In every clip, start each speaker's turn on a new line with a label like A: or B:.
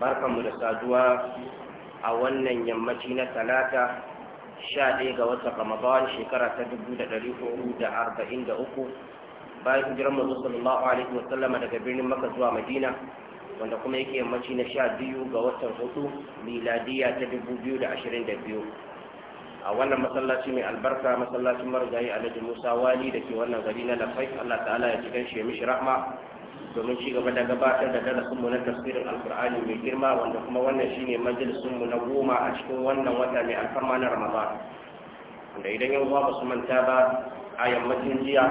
A: barkanmu da saduwa a wannan yammaci na talata sha ɗaya ga watan ramadan shekara ta dubu da ɗari hudu da arba'in da uku bayan hijirar manzo sallallahu alaihi wa sallama daga birnin maka zuwa madina wanda kuma yake yammaci na sha biyu ga watan hudu miladiya ta dubu biyu da ashirin da biyu a wannan masallaci mai albarka masallacin marigayi alhaji musa wali da ke wannan gari na lafai allah ta'ala ya ci gan shi ya mishi rahma domin ci gaba da gabatar da mu na tafsirin alkur'ani mai girma wanda kuma wannan shine mu na goma a cikin wannan wata mai alfarma na ramadan wanda idan yan uwa ba su manta ba a yammacin jiya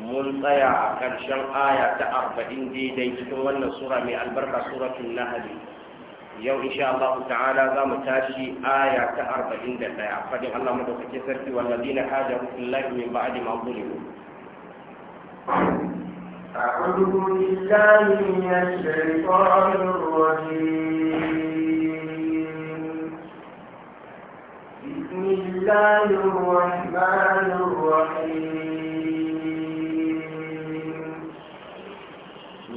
A: mun tsaya a ƙarshen aya ta arba'in daidai cikin wannan sura mai albarka suratul nahli yau insha Allah ta'ala za mu tashi aya ta arba'in da ɗaya fadin Allah madaukake sarki wallazina hajaru fillahi min ba'di ma zulimu
B: بسم الله الرحمن الرحيم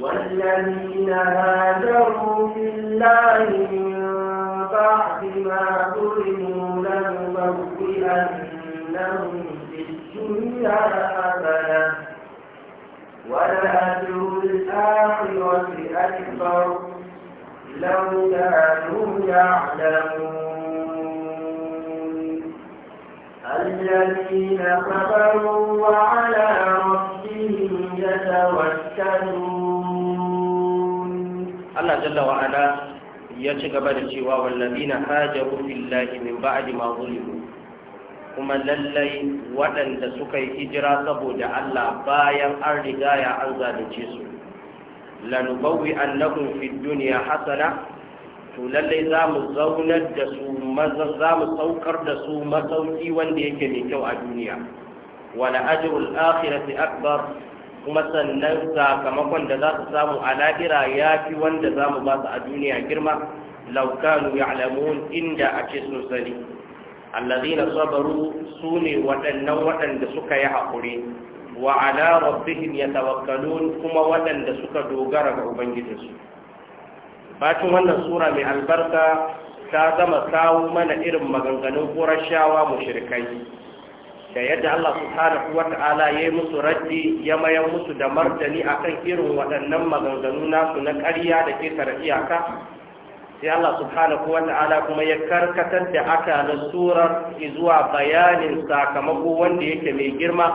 B: والذين هاجروا في الله من بعد ما ظلموا لنبوئنهم في الدنيا ولأجر الآخرة أكبر لو كانوا يعلمون الذين كفروا وعلى ربهم يتوكلون
A: الله جل وعلا ya ci gaba da cewa في الله من بعد ما ظلموا kuma lallai waɗanda suka yi hijira saboda Allah bayan an riga ya an zalunce su lanubawi annahum fi dunya hasana to lallai za zaunar da su za mu saukar da su masauki wanda yake mai kyau a duniya wala ajrul akhirati akbar kuma sannan sakamakon da za su samu a lahira ya fi wanda za mu ba su a duniya girma laukanu ya'lamun inda ake ce sun sani allazina sabaru sune waɗannan waɗanda suka yi haƙuri wa ala rabbihim yatawakkalun kuma waɗanda suka dogara ga ubangijinsu bacin wannan sura mai albarka ta zama kawo mana irin maganganun ƙurashawa mushrikai da yadda Allah subhanahu wata'ala ya yi musu raddi ya mayar musu da martani akan irin waɗannan maganganu nasu na ƙarya da ke iyaka sai Allah subhanahu wa kuma ya karkatar da aka na surar zuwa bayanin sakamako wanda yake mai girma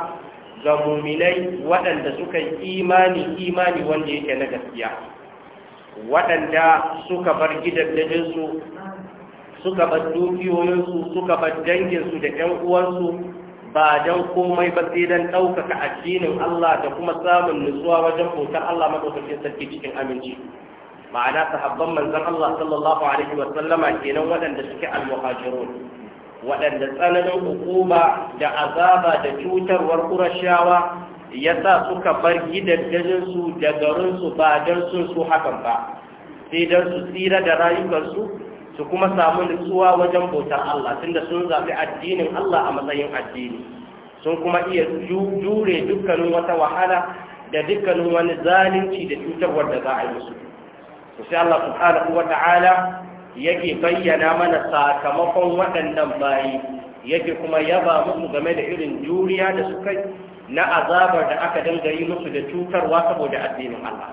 A: ga muminai waɗanda suka imani imani wanda yake na gaskiya waɗanda suka bar gidajensu suka bar dukiyoyinsu suka bar danginsu da ƴan uwansu ba don komai ba sai don ɗaukaka addinin Allah da kuma samun nutsuwa wajen bautar Allah maɗaukakin sarki cikin aminci ma'ana sahabban manzon Allah sallallahu alaihi wa sallama kenan waɗanda suke al-muhajirun waɗanda tsananin hukuma da azaba da cutarwar kurashawa yasa suka bar gidajensu da garinsu ba don sun su hakan ba sai don su tsira da rayukansu su kuma samu nutsuwa wajen bautar Allah tunda sun zafi addinin Allah a matsayin addini sun kuma iya jure dukkanin wata wahala da dukkanin wani zalunci da cutarwar da za a yi musu to sai Allah subhanahu wa ta'ala yake bayyana mana sakamakon waɗannan bayi yake kuma yaba musu game da irin juriya da suka na azabar da aka dinga yi musu da cutarwa saboda addinin Allah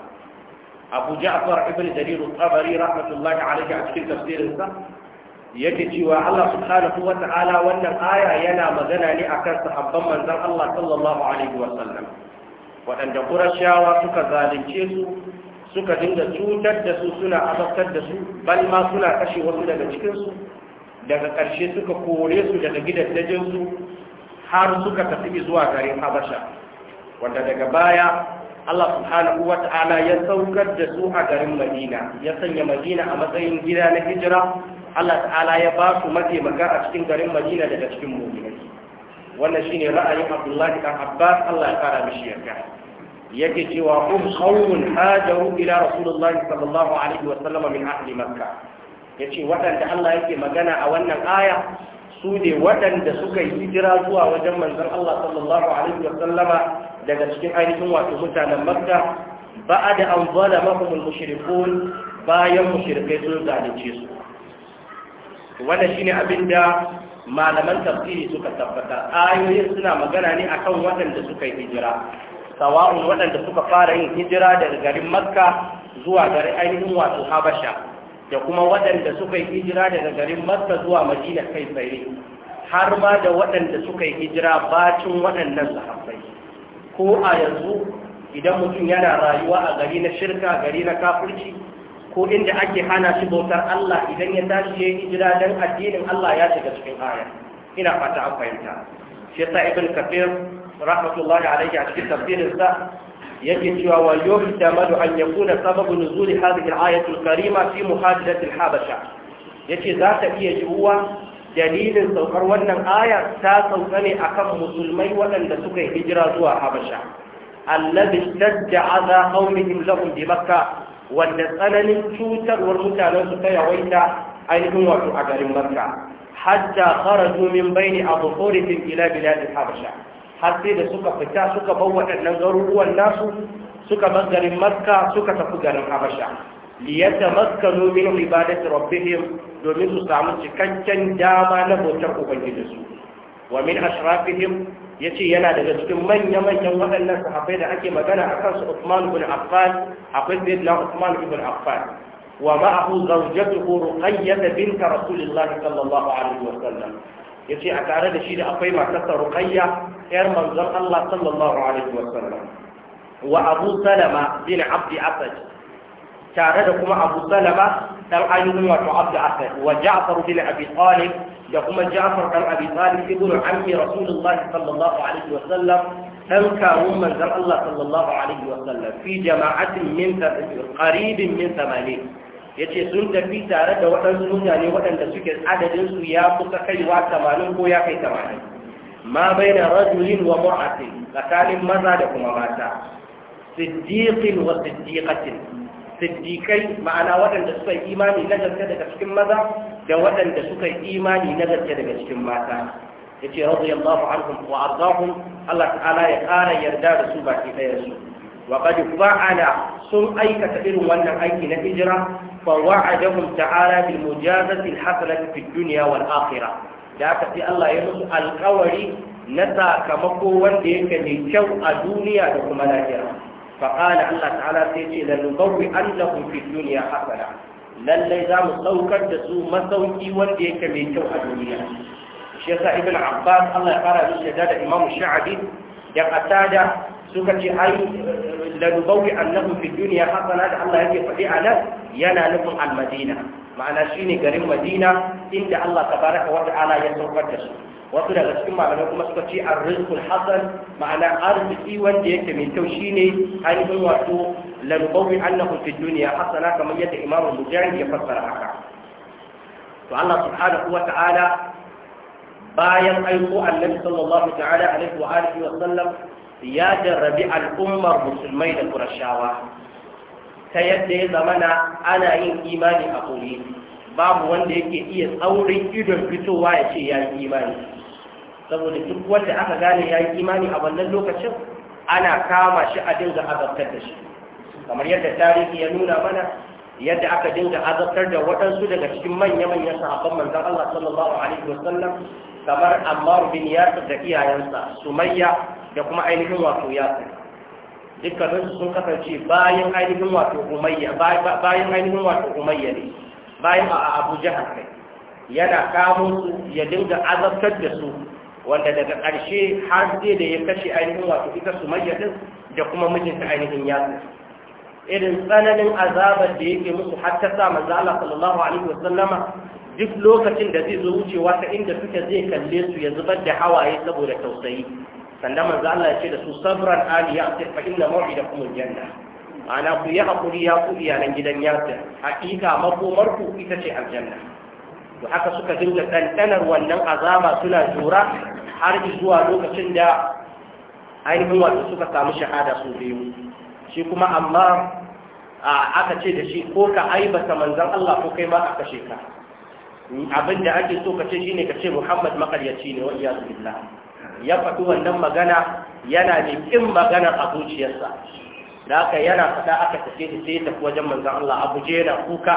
A: Abu Ja'far ibn Jarir al-Tabari rahmatullahi alayhi a cikin tafsirinsa yake cewa Allah subhanahu wa ta'ala wannan aya yana magana ne akan sahabban manzon Allah sallallahu alaihi wa sallam waɗanda Qurayshawa suka zalunce su suka dinga cutar da su suna azabtar da su bal ma suna kashe wasu daga cikinsu daga ƙarshe suka kore su daga gidajensu har suka tafi zuwa garin habasha wanda daga baya Allah subhanahu wa ta'ala ya saukar da su a garin madina ya sanya madina a matsayin gida na hijira Allah ta'ala ya ba su mataimaka a cikin garin madina daga cikin mu'minai wannan shine ra'ayin Abdullahi dan Abbas Allah ya fara mishi yarda yake cewa um qaumun hajaru ila rasulullah sallallahu alaihi wa sallam min ahli makka yace waɗanda Allah yake magana a wannan aya su ne waɗanda suka yi hijira zuwa wajen manzon Allah sallallahu alaihi wa sallama daga cikin ainihin wato mutanen makka ba'ada an zalamahum al-mushrikun bayan mushrikai sun zalunce su Wanda shine abin da malaman tafsiri suka tabbata ayoyin suna magana ne akan waɗanda suka yi hijira sawa'un waɗanda suka fara yin hijira daga garin makka zuwa garin ainihin wato habasha da kuma waɗanda suka yi hijira daga garin makka zuwa madina kai tsaye har ma da waɗanda suka yi hijira bacin waɗannan sahabbai ko a yanzu idan mutum yana rayuwa a gari na shirka gari na kafirci ko inda ake hana shi bautar Allah idan ya tashi ya hijira dan addinin Allah ya shiga cikin aya ina fata an fahimta shi yasa ibn kafir rahmatullahi alaihi a cikin sa yake cewa wa yuhtamadu an yakuna sababu nuzuli hadhihi al-ayatu al-karima fi muhajirati al-habasha yace za ta iya yiwuwa dalilin saukar wannan aya ta sauka ne akan musulmai waɗanda suka hijira zuwa habasha allazi shadda ala qawmihim lahum bi makka wanda tsananin cutarwar mutanen su ta yawaita ainihin wato a garin makka hatta kharaju min baini adhurihim ila bilad habasha har sai da suka fita suka bar waɗannan garuruwan nasu suka bar garin makka suka tafi garin habasha liyata maskano min ibadati rabbihim domin su samu cikakken dama na bautar ubangijinsu wa min ashrafihim yace yana daga cikin manya-manyan waɗannan sahabbai da ake magana a kansu Uthman ibn Affan akwai Sayyidina Uthman ibn Affan wa ma'ahu zawjatuhu Ruqayyah bint Rasulillah sallallahu alaihi wa sallam ya ce a tare da shi da akwai matarsa ruqayya yar manzon Allah sallallahu alaihi wasallam wa abu salama bin abdi asad tare da kuma abu salama dan ayyukan wato abdi asad wa ja'far bin abi talib da kuma ja'far dan abi talib ibnu ammi rasulullah sallallahu alaihi sallam. dan kawun manzon Allah sallallahu alaihi sallam. fi jama'atin min qaribin min 80 ya ce sun tafi tare da waɗansu mutane waɗanda suke adadinsu ya kusa kaiwa tamanin ko ya kai tamanin ma bai da rajulin wa mu'ati tsakanin maza da kuma mata siddiqin wa siddiqatin siddiqai ma'ana waɗanda suka yi imani na gaske daga cikin maza da waɗanda suka yi imani na gaske daga cikin mata yace radiyallahu anhum wa ardahum Allah ta'ala ya ƙara yarda da su baki ɗaya su wa qad fa'ala sun aikata irin wannan aiki na hijira fa wa'adahum ta'ala bil mujazati al hasanati fid dunya wal akhirah da aka fi Allah ya musu alƙawari na sakamako wanda yake mai kyau a duniya da kuma lahira fa qala Allah ta'ala sai ce lan nubawwi annahum fid dunya hasana lallai za mu saukar da su masauki wanda yake mai kyau a duniya shi yasa ibn abbas Allah ya fara mishi da Imam sha'abi da qatada suka ce ai lanubawi annahu fi duniya hasana da Allah yake faɗi a nan yana nufin almadina ma'ana shine garin madina inda Allah tabaraka wa ta'ala ya saukar da su wasu daga cikin malamai kuma suka ce arrizqul hasan ma'ana arziki wanda yake mai kyau shine ainihin wato lanubawi annahu fi duniya hasana kamar yadda Imam Mujahid ya fassara haka to Allah subhanahu wa ta'ala bayan aiko annabi sallallahu ta'ala alaihi wa alihi wa sallam ya jarrabi al'ummar musulmai da kurashawa ta yadda ya zamana ana yin imani a kuri babu wanda yake iya tsaurin idon fitowa ya ce ya yi imani saboda duk wanda aka gane ya yi imani a wannan lokacin ana kama shi a dinga azabtar da shi kamar yadda tarihi ya nuna mana yadda aka dinga azabtar da waɗansu daga cikin manya-manyan sahabban manzan Allah sallallahu alaihi wasallam kamar Ammar bin Yasir da iyayensa Sumayya da kuma ainihin wato yasir dukkanin sun kasance bayan ainihin wato umayya bayan ainihin wato umayya ne bayan a abu jihar kai yana kamo su ya dinga azabtar da su wanda daga ƙarshe har zai da ya kashe ainihin wato ita su mayyadin da kuma mijinta ainihin yasir irin tsananin azabar da yake musu har ta sa manzo Allah sallallahu alaihi wasallama duk lokacin da zai zo wucewa ta inda suke zai kalle su ya zubar da hawaye saboda tausayi sannan manzo Allah ya ce da su sabran ali yasir fa inna maw'idakum aljanna ana ku yi hakuri ya ku iyalan gidan yasir hakika makomar ku ita ce aljanna to haka suka dinga dandanar wannan azaba suna jura har zuwa lokacin da ainihin wato suka samu shahada su biyu shi kuma amma aka ce da shi ko ka aibata manzan Allah ko kai ma a kashe ka abinda ake so ka ce shine ka ce Muhammad makaryaci ne wa iyyatu billah ya faɗi wannan magana yana da ƙin maganar a zuciyarsa da aka yana faɗa aka tafi da sai tafi wajen manzan Allah abu je yana kuka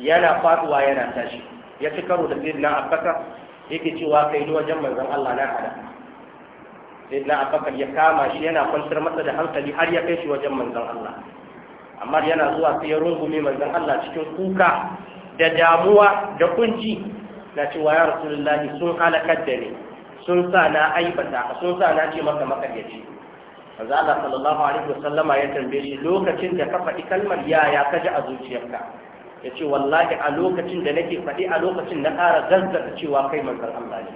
A: yana faɗuwa yana tashi ya fi karo da sayyidina ya yake cewa kai ni wajen manzan Allah na hada na abbakar ya kama shi yana kwantar masa da hankali har ya kai shi wajen manzan Allah amma yana zuwa sai ya rungume manzan Allah cikin kuka da damuwa da kunci na cewa ya rasulullahi sun halakar da ni sun sa na aibata ka sun sa na ce maka makaryaci manzo Allah sallallahu alaihi wasallama ya tambaye shi lokacin da ka faɗi kalmar ya ya ka ji a zuciyarka ya ce wallahi a lokacin da nake faɗi a lokacin na ƙara zazzata cewa kai manzon Allah ne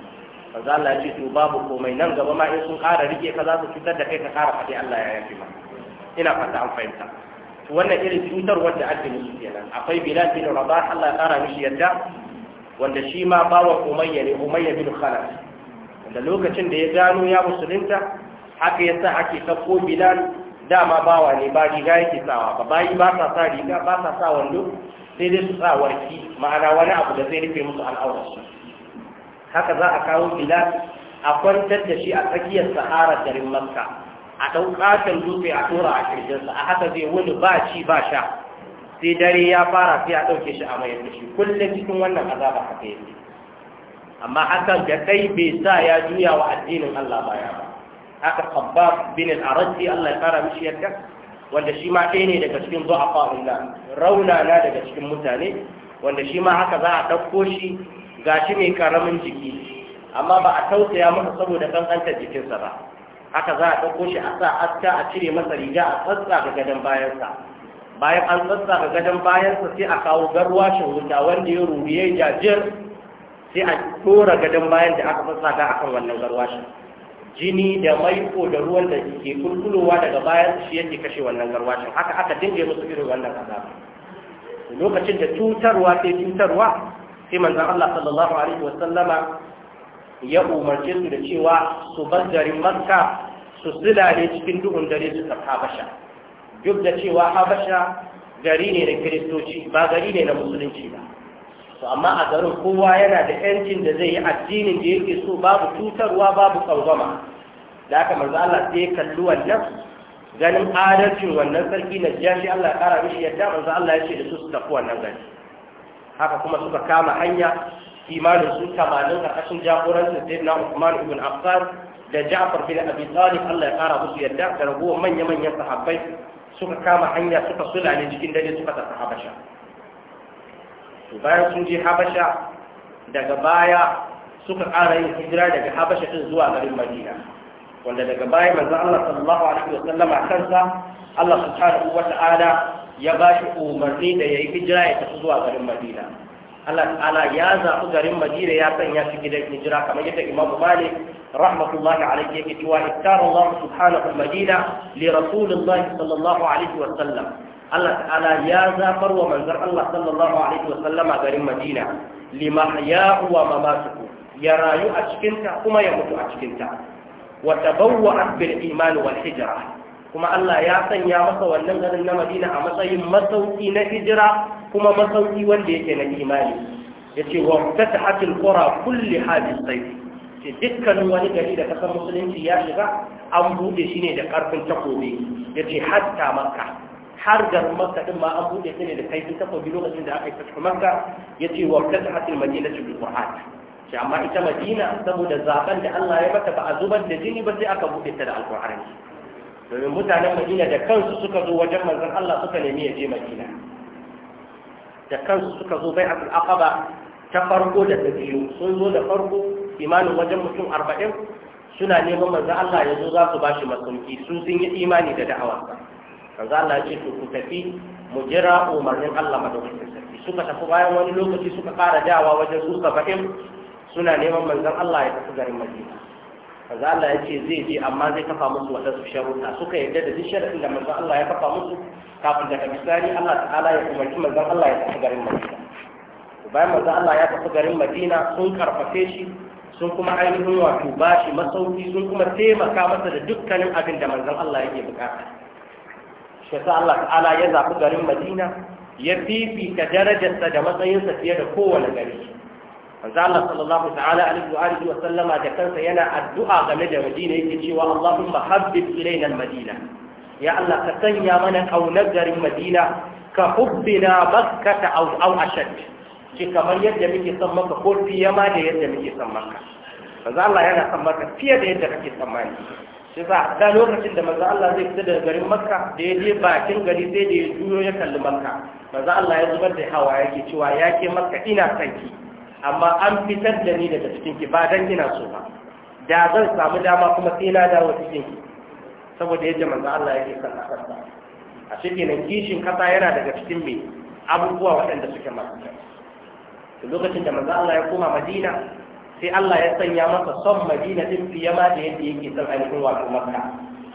A: manzo Allah ya ce to babu komai nan gaba ma in sun ƙara rike ka za su cutar da kai ka ƙara faɗi Allah ya yafi ma ina fata an fahimta wannan irin cutar wanda ake musu kenan akwai Bilal bin Rabah Allah ya ƙara mishi yadda wanda shi ma bawan Umayya ne Umayya bin Khalaf da lokacin da ya gano ya musulunta haka ya sa ake sako Bilan. dama bawa ne ba riga yake sawa ba bayi ba sa sa riga ba sa sa wando sai dai su sa warki ma'ana wani abu da zai rufe musu al'aurarsu haka za a kawo Bilan a kwantar da shi a tsakiyar sahara garin makka a ɗaukatar dutse a tura a kirjinsa a haka zai wani ba ci ba sha sai dare ya fara sai a ɗauke shi a mayar da shi kullum cikin wannan azaba haka yake amma hakan ga kai bai sa ya juya wa addinin Allah baya ba haka Khabbab bin al arji Allah ya fara mishi yadda wanda shi ma ɗaya ne daga cikin zu'afa Allah rauna na daga cikin mutane wanda shi ma haka za a dauko shi gashi ne karamin jiki amma ba a tausaya masa saboda kankanta jikinsa ba haka za a dauko shi a sa aska a cire masa riga a tsatsa ga gadon bayansa bayan an tsatsa ga gadon bayansa sai a kawo garwashin wuta wanda ya ruriye jajir sai a tora gadon bayan da aka fasa akan wannan garwashi jini da maiko da ruwan da ke kulkulowa daga bayan shi yake kashe wannan garwashin haka aka dinga musu irin wannan azaba lokacin da cutarwa sai cutarwa sai manzo Allah sallallahu alaihi wa ya umarce su da cewa su bar garin Makka su silale cikin duhun dare su tafi Habasha duk da cewa Habasha gari ne na Kiristoci ba gari ne na Musulunci ba to amma a garin kowa yana da yancin da zai yi addinin da yake so babu cutarwa babu tsangwama da haka manzo Allah sai ya kalli wannan ganin adalcin wannan sarki na jashi Allah ya kara mishi yadda manzo Allah ya ce da su su tafi wannan gari haka kuma suka kama hanya imanin su 80 karkashin jagorancin Sayyidina Uthman ibn Affan da Ja'far bin Abi Talib Allah ya kara musu yadda da ragowar manya-manyan sahabbai suka kama hanya suka sulale cikin dare suka tafi Habasha to bayan sun je habasha daga baya suka ƙara yin hijira daga habasha din zuwa garin madina wanda daga baya manzon Allah sallallahu alaihi wa sallama kansa Allah subhanahu wa ta'ala ya ba shi umarni da yayi hijira ya tafi zuwa garin madina Allah ta'ala ya zaɓi garin madina ya sanya shi gidan hijira kamar yadda Imam Malik rahmatullahi alaihi yake cewa ittara Allah subhanahu madina li rasulillahi sallallahu alaihi wa sallam Allah ta'ala ya zafar wa manzar Allah sallallahu alaihi wasallama garin Madina lima ya wa mamasuku ya rayu a cikinta kuma ya mutu a cikinta wa tabawwa bil iman wal hijira. kuma Allah ya sanya masa wannan garin na Madina a matsayin masauki na hijira kuma masauki wanda yake na imani yace wa fatahatil kora kulli hadis sai. ce dukkanin wani gari da kasar musulunci ya shiga an buɗe shi ne da karfin takobi yace hatta makka har garin makka din ma an buɗe ta ne da kaifin takobi lokacin da aka yi fashe makka ya ce wa kasa hatin madina su buhat shi amma ita madina saboda zaben da allah ya mata ba a zubar da jini ba sai aka buɗe ta da alƙur'ani domin mutanen madina da kansu suka zo wajen manzon allah suka nemi ya je madina da kansu suka zo bai abul aqaba ta farko da ta biyu sun zo da farko imanin wajen mutum arba'in suna neman manzon allah ya zo za su ba shi masunki su sun yi imani da da'awa manzo Allah ce to ku tafi mu jira umarnin Allah madaukakin sarki suka tafi bayan wani lokaci suka fara dawa wajen su saba'in suna neman manzon Allah ya tafi garin Madina manzo Allah ya ce zai je amma zai kafa musu wadansu sharuɗa suka yarda da duk sharuɗin da manzon Allah ya kafa musu kafin daga bisani Allah ta'ala ya umarci manzon Allah ya tafi garin Madina bayan manzon Allah ya tafi garin Madina sun karfafe shi sun kuma ainihin wato bashi masauki sun kuma taimaka masa da dukkanin abin da manzon Allah yake bukata shi Allah ta'ala ya zafi garin Madina ya fifita darajarsa da matsayinsa fiye da kowane gari manzo Allah sallallahu ta'ala alaihi wa alihi wa sallama da kansa yana addu'a game da Madina yake cewa Allahumma habbib ilaina al-Madina ya Allah ka sanya mana kaunar garin Madina ka hubbina makkata aw aw ashad ki kamar yadda muke son maka ko fiye ma da yadda muke son maka manzo Allah yana son maka fiye da yadda kake son shi sa da lokacin da manzo Allah zai fita daga garin Makka da ya je bakin gari sai da ya juyo ya kalli Makka manzo Allah ya zubar da hawa yake cewa ya ke Makka ina son ki amma an fitar da ni daga cikin ki ba dan ina so ba da zan samu dama kuma sai na dawo cikin ki saboda yadda manzo Allah yake son a kasa a cikin kishin kasa yana daga cikin me abubuwa waɗanda suke masu lokacin da manzo Allah ya koma Madina sai Allah ya sanya masa son Madina din fiye ma da yadda yake son ainihin wato Makka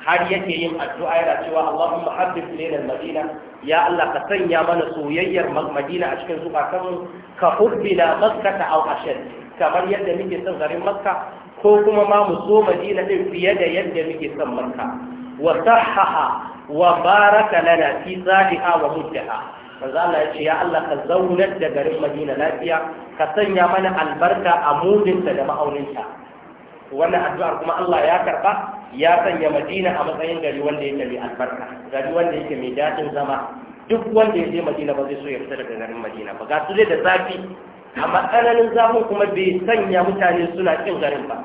A: har yake yin addu'a yana cewa Allahumma habbib lana Madina ya Allah ka sanya mana soyayyar Madina a cikin zukatanmu ka hubbina Makka ta au ashad kamar yadda muke son garin Makka ko kuma ma mu so Madina din fiye da yadda muke son Makka wa sahhaha wa baraka lana fi zaliha wa muddaha manzo Allah ya ce ya Allah ka zaunar da garin Madina lafiya ka sanya mana albarka a mudinta da ma'auninta wannan addu'ar kuma Allah ya karba ya sanya Madina a matsayin gari wanda yake mai albarka gari wanda yake mai dadin zama duk wanda ya je Madina ba zai so ya fita daga garin Madina ba ga su da zafi amma tsananin zafin kuma bai sanya mutane suna cin garin ba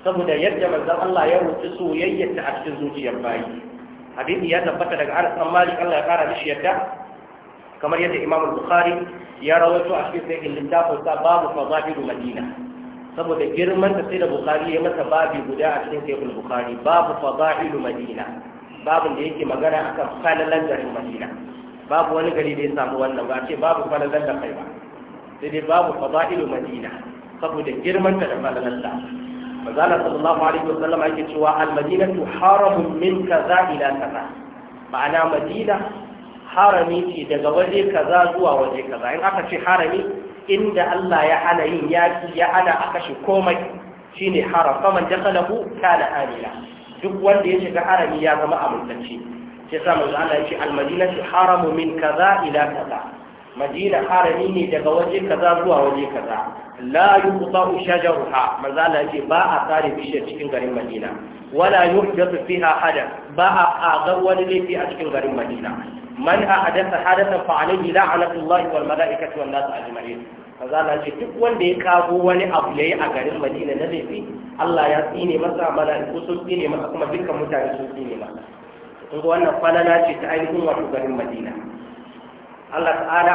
A: saboda yadda manzon Allah ya roƙi yayyata a cikin zuciyar bayi hadisi ya tabbata daga Anas Malik Allah ya kara mishi yadda kamar yadda imam al-bukhari ya rawaito a cikin sahihin littafin sa babu fadahilu madina saboda girman da sai da bukhari ya masa babi guda a cikin sahihul bukhari babu fadahilu madina babu da yake magana akan falalan garin madina babu wani gari da ya samu wannan ba ce babu falalan da kai ba sai dai babu fadahilu madina saboda girman da falalan da manzala sallallahu alaihi wasallam yake cewa al-madinatu haramun min kaza ila kaza ma'ana madina harami ce daga waje kaza zuwa waje kaza in aka ce harami inda Allah ya hana yin yaki ya hana aka shi komai shine haram faman dakalahu kana amina duk wanda ya shiga harami ya zama amintacce sai sa manzo Allah ya ce al haramu min kaza ila kaza madina harami ne daga waje kaza zuwa waje kaza la yuqta'u shajaruha manzo Allah ya ce ba a tsare bishiyar cikin garin Madina wala yuhdathu fiha hada ba a agar wani laifi a cikin garin Madina man hadatha hadathan fa alayhi la'natullahi wal mala'ikati wan nas ajma'in kaza na ce duk wanda ya kago wani abu yayi a garin Madina na laifi Allah ya tsine masa mala'iku sun tsine masa kuma dukkan mutane sun tsine masa kun ga wannan falala ce ta ainihin wato garin Madina Allah ta'ala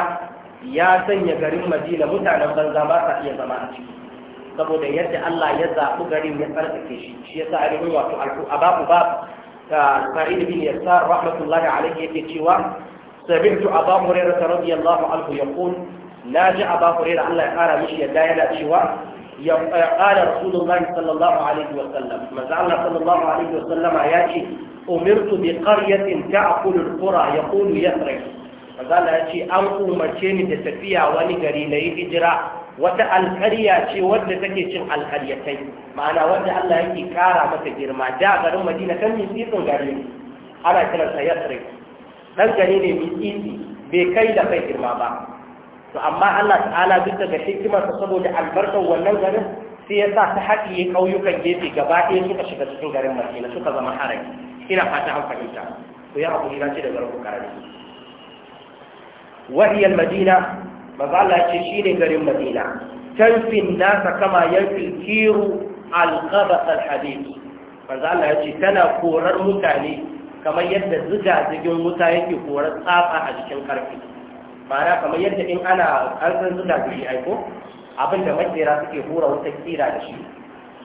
A: ya sanya garin Madina mutanen banza ba sa iya zama a ciki saboda yadda Allah ya zaɓi garin ya tsarkake shi shi yasa ainihin wato alku abaku babu sa'id bin yassar rahmatullahi alaihi yake cewa sami'tu aba hurairah radiyallahu anhu yaqul na ji aba hurairah Allah ya kara mishi yadda yana cewa قال رسول الله صلى الله عليه وسلم ما زعلنا صلى الله عليه وسلم ياتي أمرت بقرية تأكل القرى يقول يسرق فقال ياتي أن أمتين تتفيع ونقري لي هجرة wata alƙarya ce wadda take cin alƙaryatai ma'ana wadda Allah yake ƙara mata girma da garin Madina kan mitsitsin gari ana kiransa Yathrib dan gari ne mitsitsi bai kai da kai girma ba to amma Allah ta'ala duk daga hikimarsa saboda albarkar wannan garin sai ya sa ta haɗiye ƙauyukan gefe gaba ɗaya suka shiga cikin garin Madina suka zama harai, ina fata an fahimta to ya abu ina ce da garin Bukhari وهي المدينة mazala ce shi ne garin madina tarfin nasa kama yankin kiru alkabas alhadis mazala ce tana korar mutane kamar yadda ziga-zigin wuta yake korar tsafa a jikin karfi ma'ana kamar yadda in ana ƙarfin zigazigi aiko abinda makera suke hura wata kira da shi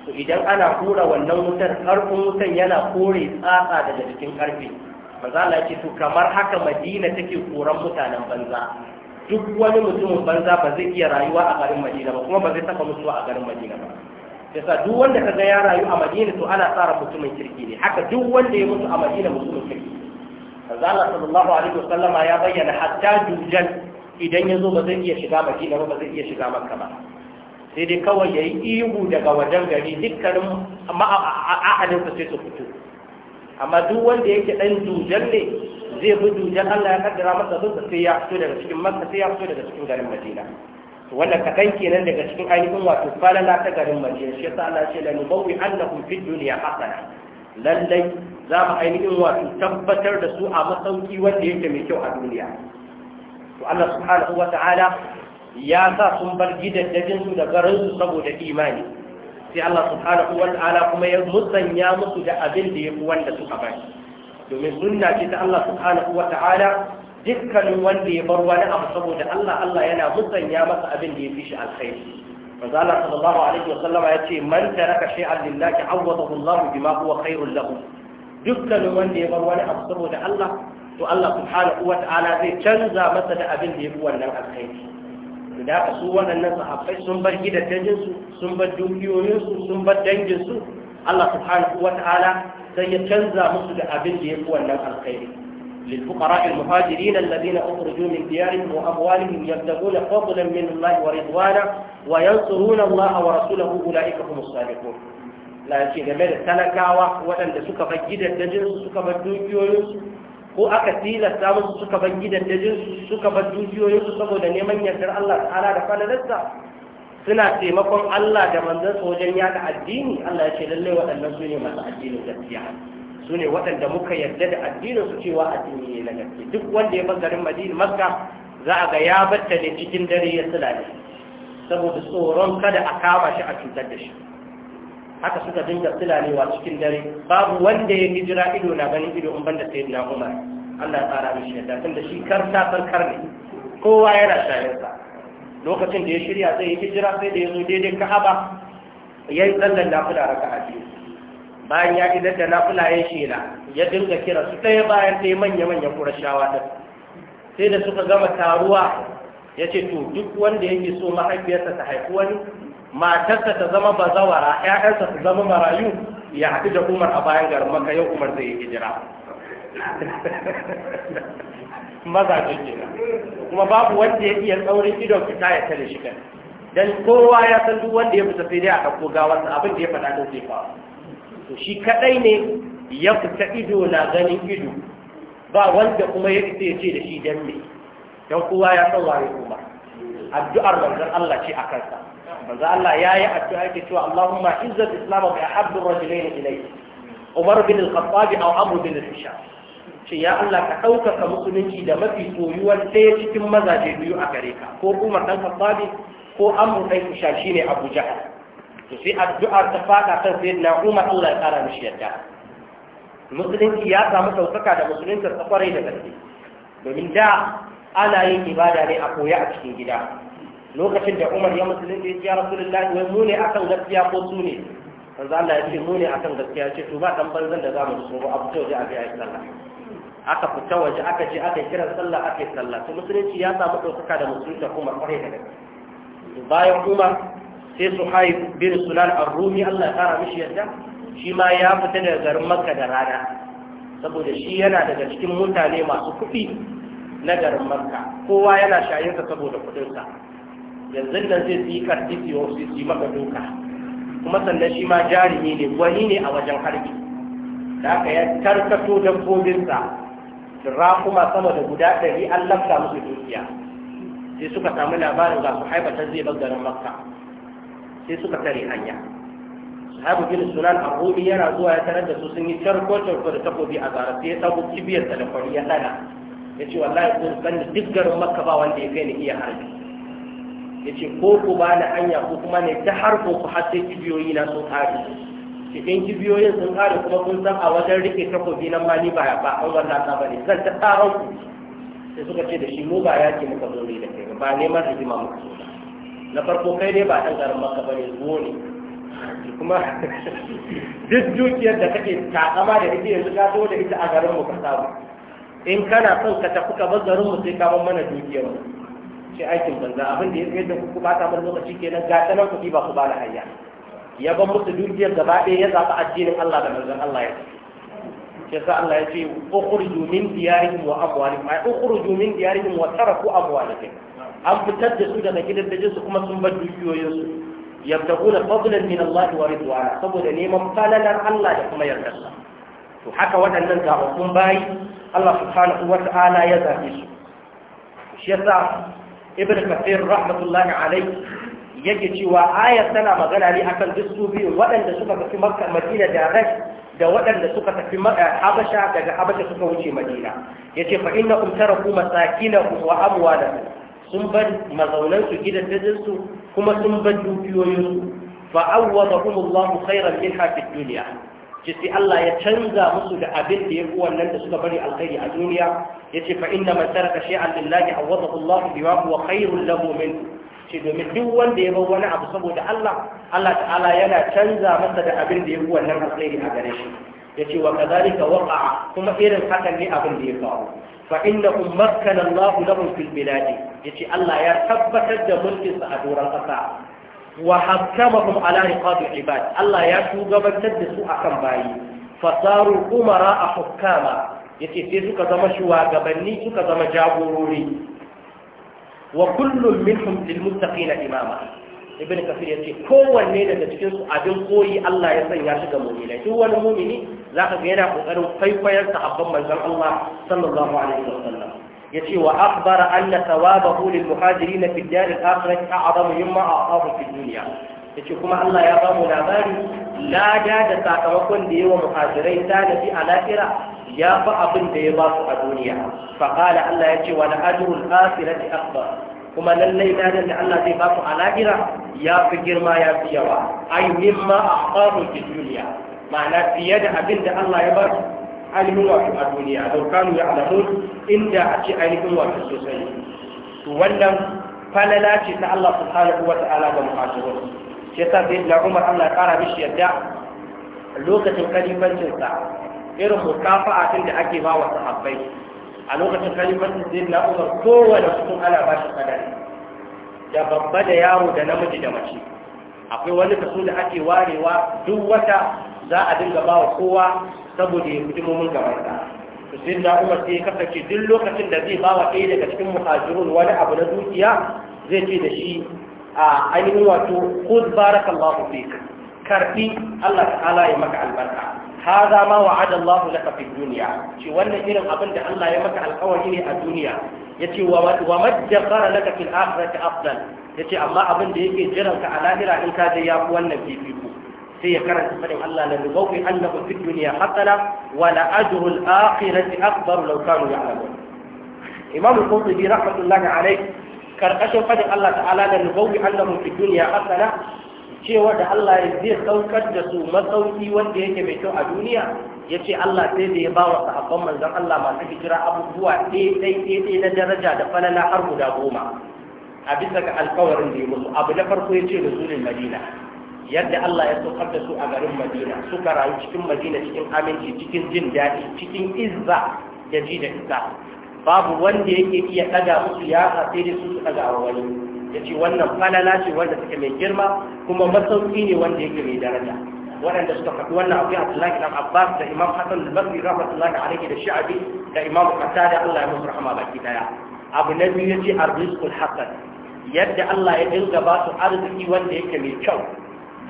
A: to idan ana hura wannan wutar karfin wutan yana kore tsatsa daga cikin karfi maza ce to kamar haka Madina take koran mutanen banza duk wani mutumin banza ba zai iya rayuwa a garin madina ba kuma ba zai taba mutuwa a garin madina ba yasa duk wanda kaga ya rayu a madina to ana tsara mutumin kirki ne haka duk wanda ya mutu a madina mutumin kirki manzo Allah sallallahu alaihi wasallama ya bayyana hatta dujal idan ya zo ba zai iya shiga madina ba ba zai iya shiga makka ba sai dai kawai ya yi ihu daga wajen gari dukkanin ma'ahalinsa sai su fito amma duk wanda yake ɗan dujal ne zai bi dujan Allah ya kaddara masa zuwa sai ya fito daga cikin masa, sai ya fito daga cikin garin Madina wanda kaɗan kenan daga cikin ainihin wato falala ta garin Madina shi yasa Allah ya ce la nubawwi annahum fid dunya hasana lallai za mu ainihin wato tabbatar da su a masauki wanda yake mai kyau a duniya to Allah subhanahu wa ta'ala ya sa sun bar gidajen su da garin su saboda imani sai Allah subhanahu wa ta'ala kuma ya musanya musu da abin da yafi wanda suka bari domin sunna ce ta Allah subhanahu wa ta'ala dukkanin wanda ya bar wani abu saboda Allah Allah yana musanya masa abin da ya fi shi alkhairi manzo Allah sallallahu alaihi wa sallama yace man taraka shay'an lillahi awwadahu Allah bima huwa khairul lahu dukkanin wanda ya bar wani abu saboda Allah to Allah subhanahu wa ta'ala zai canza masa da abin da ya fi wannan alkhairi da su waɗannan sahabbai sun bar gidajensu sun bar dukiyoyinsu sun bar danginsu Allah subhanahu wa ta'ala sai ya canza musu da abin da ya fi wannan alkhairi
B: للفقراء المهاجرين
A: الذين أخرجوا من ديارهم وأموالهم يبتغون فضلا من الله ورضوانه وينصرون الله ورسوله أولئك هم الصالحون لا شيء game da talakawa waɗanda suka bar gidajensu suka bar dukiyoyinsu ko aka tilasta musu suka bar gidajensu suka bar dukiyoyinsu saboda neman yardar Allah ta'ala da falalarsa suna taimakon Allah da manzansa wajen yada addini Allah ya ce lalle waɗannan su ne masu addinin gaskiya su ne waɗanda muka yarda da addinin su cewa addini ne na gaske duk wanda ya bar garin Madina Makka za a ga ya batta ne cikin dare ya ne saboda tsoron kada a kama shi a cutar da shi haka suka dinga wa cikin dare babu wanda ya hijira ido na ganin ido in banda na Umar Allah ya tsara mishi yadda tunda shi karta farkar ne kowa yana shayarsa lokacin da ya shirya zai yi hijira sai da ya zo daidai ka'aba ya yi tsallan nafila raka a biyu bayan ya idar da nafula ya shela ya dinga kira su ɗaya bayan ɗaya manya kura shawa ɗin sai da suka gama taruwa ya ce to duk wanda yake so mahaifiyarsa ta haifi wani matarsa ta zama bazawara ‘ya'yansa su zama marayu ya haɗu da umar a bayan garin maka yau umar zai yi hijira mazaje kenan kuma babu wanda ya iya tsaurin idon fita ya tare shi kan dan kowa ya san duk wanda ya fita sai dai a dauko gawarsa abin da ya faɗa don sai fa to shi kadai ne ya fita ido na ganin ido ba wanda kuma ya fita ya ce da shi dan me dan kowa ya san waye kuma addu'ar manzon Allah ce a kansa manzon Allah yayi addu'a yake cewa Allahumma izzat islam bi ahabbi rajulain ilayhi Umar bin al-Khattab aw abu bin al-Hisham ce ya Allah ka ɗaukaka musulunci da mafi soyuwar ɗaya cikin mazaje biyu a gare ka ko Umar ɗan kasabi ko mutai dan shi ne Abu Jahal to sai addu'ar ta fada kan na Umar Allah ya ƙara mishi yadda musulunci ya samu ɗaukaka da musulunci ta kwarai da gaske domin da ana yin ibada ne a koya a cikin gida lokacin da Umar ya musulunci ya Rasulullahi wai mu ne akan gaskiya ko su ne manzo Allah ya ce mu ne akan gaskiya ce to ba dan banzan da zamu su ba abu to da a ayi sallah aka fita waje aka je aka yi kiran sallah aka yi sallah to musulunci ya samu ɗaukaka da musulunci, kuma kwarai da gaske bayan umar sai su haif bin sunan Rumi, allah ya tara mishi yadda shi ma ya fita daga garin makka da rana saboda shi yana daga cikin mutane masu kuɗi na garin makka kowa yana shayinsa saboda kuɗinsa yanzu nan zai su yi karfi su yi maka doka kuma sannan shi ma jarumi ne gwani ne a wajen harbi da aka ya karkato dabbobinsa kuma sama da guda ɗari an lafta musu dukiya sai suka samu labarin ga su ta zai garin makka sai suka tare hanya sahabu bin sunan abubi yana zuwa ya tarar da su sun yi carko carko da takobi a gara sai ya ɗauko cibiyar telefoni ya ɗaga ya ce wallahi kun san duk garin makka ba wanda ya kai ni iya harbi ya ce ko ku ba hanya ko kuma ne ta harko ku har sai cibiyoyi na sun kare idan kibiyoyin sun kare kuma kun san a wajen rike takobi nan mali ni ba ba an wannan ta bane zan ta tsaron ku sai suka ce da shi mu ba ya ce muka zo ne da kai ba neman rigima muka zo na farko kai ne ba ɗan garin maka bane zo ne kuma duk dukiyar da kake takama da ita yanzu ka zo da ita a garin mu ka samu in kana son ka tafi ka bar garin mu sai ka bar mana dukiyar mu shi aikin banza abin da ya tsaye da kuku ba ta bar lokaci kenan ga tsanan kuɗi ba ku ba da hanya ya ban musu dukiyar gaba ɗaya ya zaɓi addinin Allah da manzon Allah ya ce sa Allah ya ce ukhruju min diyarihim wa amwalihim ay ukhruju min diyarihim wa taraku amwalihim an fitar da su daga gidajen su kuma sun bar dukiyoyin su yabtaguna fadlan min Allah wa ridwana saboda neman falalar Allah da kuma yardar sa to haka waɗannan zaɓaɓɓun bayi Allah subhanahu wa ta'ala ya zaɓe su shi yasa ibn kathir rahmatullahi alayhi yake cewa ayar tana magana ne akan duk su biyu waɗanda suka tafi makka madina da rash da waɗanda suka tafi eh, habasha daga habasha suka wuce madina yace fa innakum taraku masakinakum wa amwalakum sun bar mazaunan su gidan su kuma sun bar dukiyoyin su fa awwadahum Allah khairan minha fid dunya sai Allah ya canza musu da abin da ya fi wannan da suka bari alkhairi a duniya ya yace fa inna man taraka shay'an lillahi awwadahu Allah biwa huwa khairul lahu min ce domin duk wanda ya bar wani abu saboda Allah Allah ta'ala yana canza masa da abin da ya fi wannan alkhairi a gare shi yace wa kadhalika waqa'a kuma irin hakan ne abin da ya faru fa innahum makkana Allahu lahum fil biladi yace Allah ya tabbatar da mulkin sa a doran kasa wa hakamahum ala riqab ibad Allah ya shugabantar da su akan bayi fasaru umara a hukama yace sai suka zama shuwagabanni suka zama jagorori wa kullum minhum lil muttaqina imama ibn ya ce, kowanne daga cikin su abin koyi Allah ya sanya shi ga mu'minai duk wani mu'mini zaka ga yana kokarin kwaikwayon sahabban manzon Allah sallallahu alaihi wasallam yace wa akhbara anna thawabahu lil muhajirin fi ad-dar al-akhirah a'zamu mimma a'tahu fi ad yace kuma Allah ya ba mu labari lada da sakamakon da yawa muhajirai ta da fi alakira ya fi abin da ya ba su a duniya fa qala Allah yace wa na ajrul akhirati akbar kuma lallai ladan da Allah zai ba ku alakira ya fi girma ya fi yawa ay mimma ahqaru fi duniya ma'ana fiye da abin da Allah ya ba su ainihin wato a duniya a kanu ya alamu inda a ce ainihin wato sosai to wannan falala ce ta Allah subhanahu wa ta'ala ga muhajirin shi yasa sai da Umar Allah ya kara mishi yadda lokacin kalifancin irin mukafa'a din da ake ba wa sahabbai a lokacin kalifancin sai da Umar kowane mutum ana ba shi sadari da babba da yaro da namiji da mace akwai wani kaso da ake warewa duk wata za a dinga ba wa kowa saboda ya fi mumin gaban sa sai na umar sai ya kasance duk lokacin da zai bawa ɗaya daga cikin muhajirun wani abu na dukiya zai ce da shi a ainihin wato khudh barakallahu fik karbi Allah ta'ala ya maka albarka هذا ما وعد الله لك في الدنيا شي wannan irin abin da Allah ya maka alƙawari ne a duniya yace wa majjara laka fil akhirati afdal yace amma abin da yake jiran ka a lahira in ka je yafi wannan fifiko sai ya karanta fadin Allah la nubawwi annahu fid dunya hasana wa la ajru al akhirati akbar law kanu ya'lamun Imam al-Qurtubi rahmatullahi Alayhi. karkashin fadin Allah ta'ala da nubawi annahum fi dunya hasana cewa da Allah ya zai saukar da su matsauki wanda yake mai kyau a duniya ya ce Allah sai da ya ba wa sahabban manzon Allah masu hijira abubuwa ɗaya na daraja da falala har guda goma a bisa ga alkawarin da ya musu abu na farko ya ce da sunin Madina yadda Allah ya saukar da su a garin Madina suka rayu cikin Madina cikin aminci cikin jin daɗi cikin izza da ji da isa babu wanda yake iya ɗaga su ya sai dai su ɗaga wa wani ya ce wannan falala ce wanda suke mai girma kuma masauki ne wanda yake mai daraja waɗanda suka faɗi wannan abu Abdullahi dan Abbas da Imam Hassan al-Basri rahmatullahi alaihi da Sha'bi da Imam Qatada Allah ya musu rahama baki daya abu na biyu ya yace arrizqul Hassan. yadda Allah ya dinga ba su arziki wanda yake mai kyau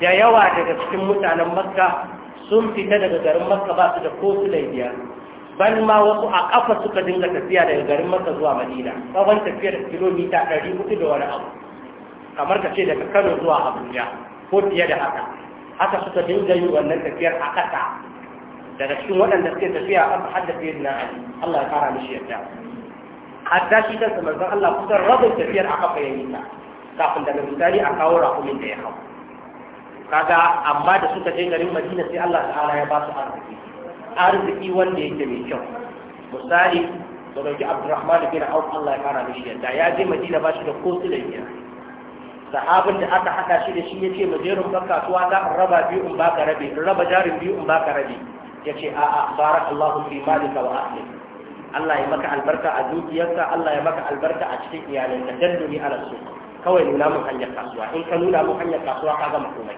A: da yawa daga cikin mutanen Makka sun fita daga garin Makka ba su da ko su biyar ban ma wasu a ƙafa suka dinga tafiya daga garin maka zuwa madina tsawon tafiyar kilomita ɗari hudu da wani abu kamar ka ce daga kano zuwa abuja ko fiye da haka haka suka dinga yi wannan tafiyar a ƙasa daga cikin waɗanda suke tafiya a ƙasa hadda fiye na ali allah ya fara mishi yadda hadda shi kansa manzon allah kusan rabin tafiyar a ƙafa ya yi ta kafin daga misali a kawo rakumin da ya hau kaga amma da suka je garin madina sai allah ta'ala ya ba su arziki arziki wanda yake mai kyau misali da dauki abdurrahman bin auf Allah ya fara da shi yadda ya je madina ba shi da ko su da biya sahabin da aka haɗa shi da shi ya ce mu je rumfar kasuwa ta raba biyu in baka rabi in raba jarin biyu in baka rabi ya ce a'a barakallahu fi malika wa ahlik Allah ya maka albarka a dukiyarka Allah ya maka albarka a cikin iyalinka dan duni ala su kawai nuna mun hanyar kasuwa in ka nuna mun hanyar kasuwa ka gama komai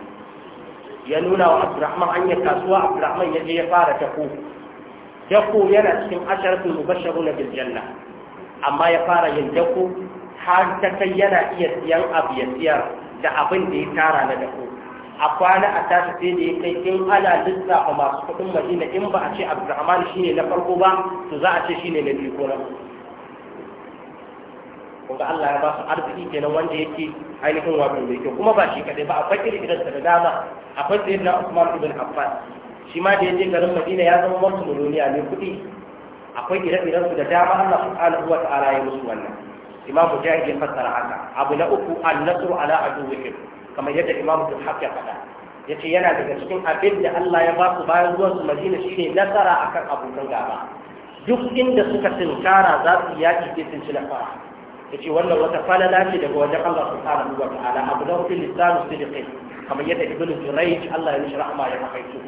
A: ya nuna wa abdurrahman hanyar kasuwa abdurrahman ya je ya fara tako dako yana cikin asharfin mubasharu na biljanna amma ya fara yin dako har ta kai yana iya siyan abu ya siyar da abin da ya tara na dako a kwana a tashi sai da ya kai in ana lissafa masu kuɗin madina in ba a ce abdurrahman shine na farko ba to za a ce shine na biyu ko na uku Kuma Allah ya ba su arziki kenan wanda yake ainihin wato mai kyau kuma ba shi kadai ba akwai irin irin da dama akwai sayyidina Usman ibn Affan shi ma da yaje garin Madina ya zama mulkiyoniya ne kudi akwai ire-iren su da dama Allah subhanahu wa ta'ala ya musu wannan Imam Mujahid ya fassara haka abu na uku an-nasru ala aduwwihim kamar yadda Imam Tuhaq ya faɗa yace yana daga cikin abin da Allah ya ba su bayan zuwan su Madina shine nasara akan abokan gaba duk inda suka tunkara za su yaki sai sun ci nasara yace wannan wata falala ce daga wajen Allah subhanahu wa ta'ala abu da hudu lisanu sidiqin kamar yadda ibnu jurayj Allah ya mishi rahma ya haifu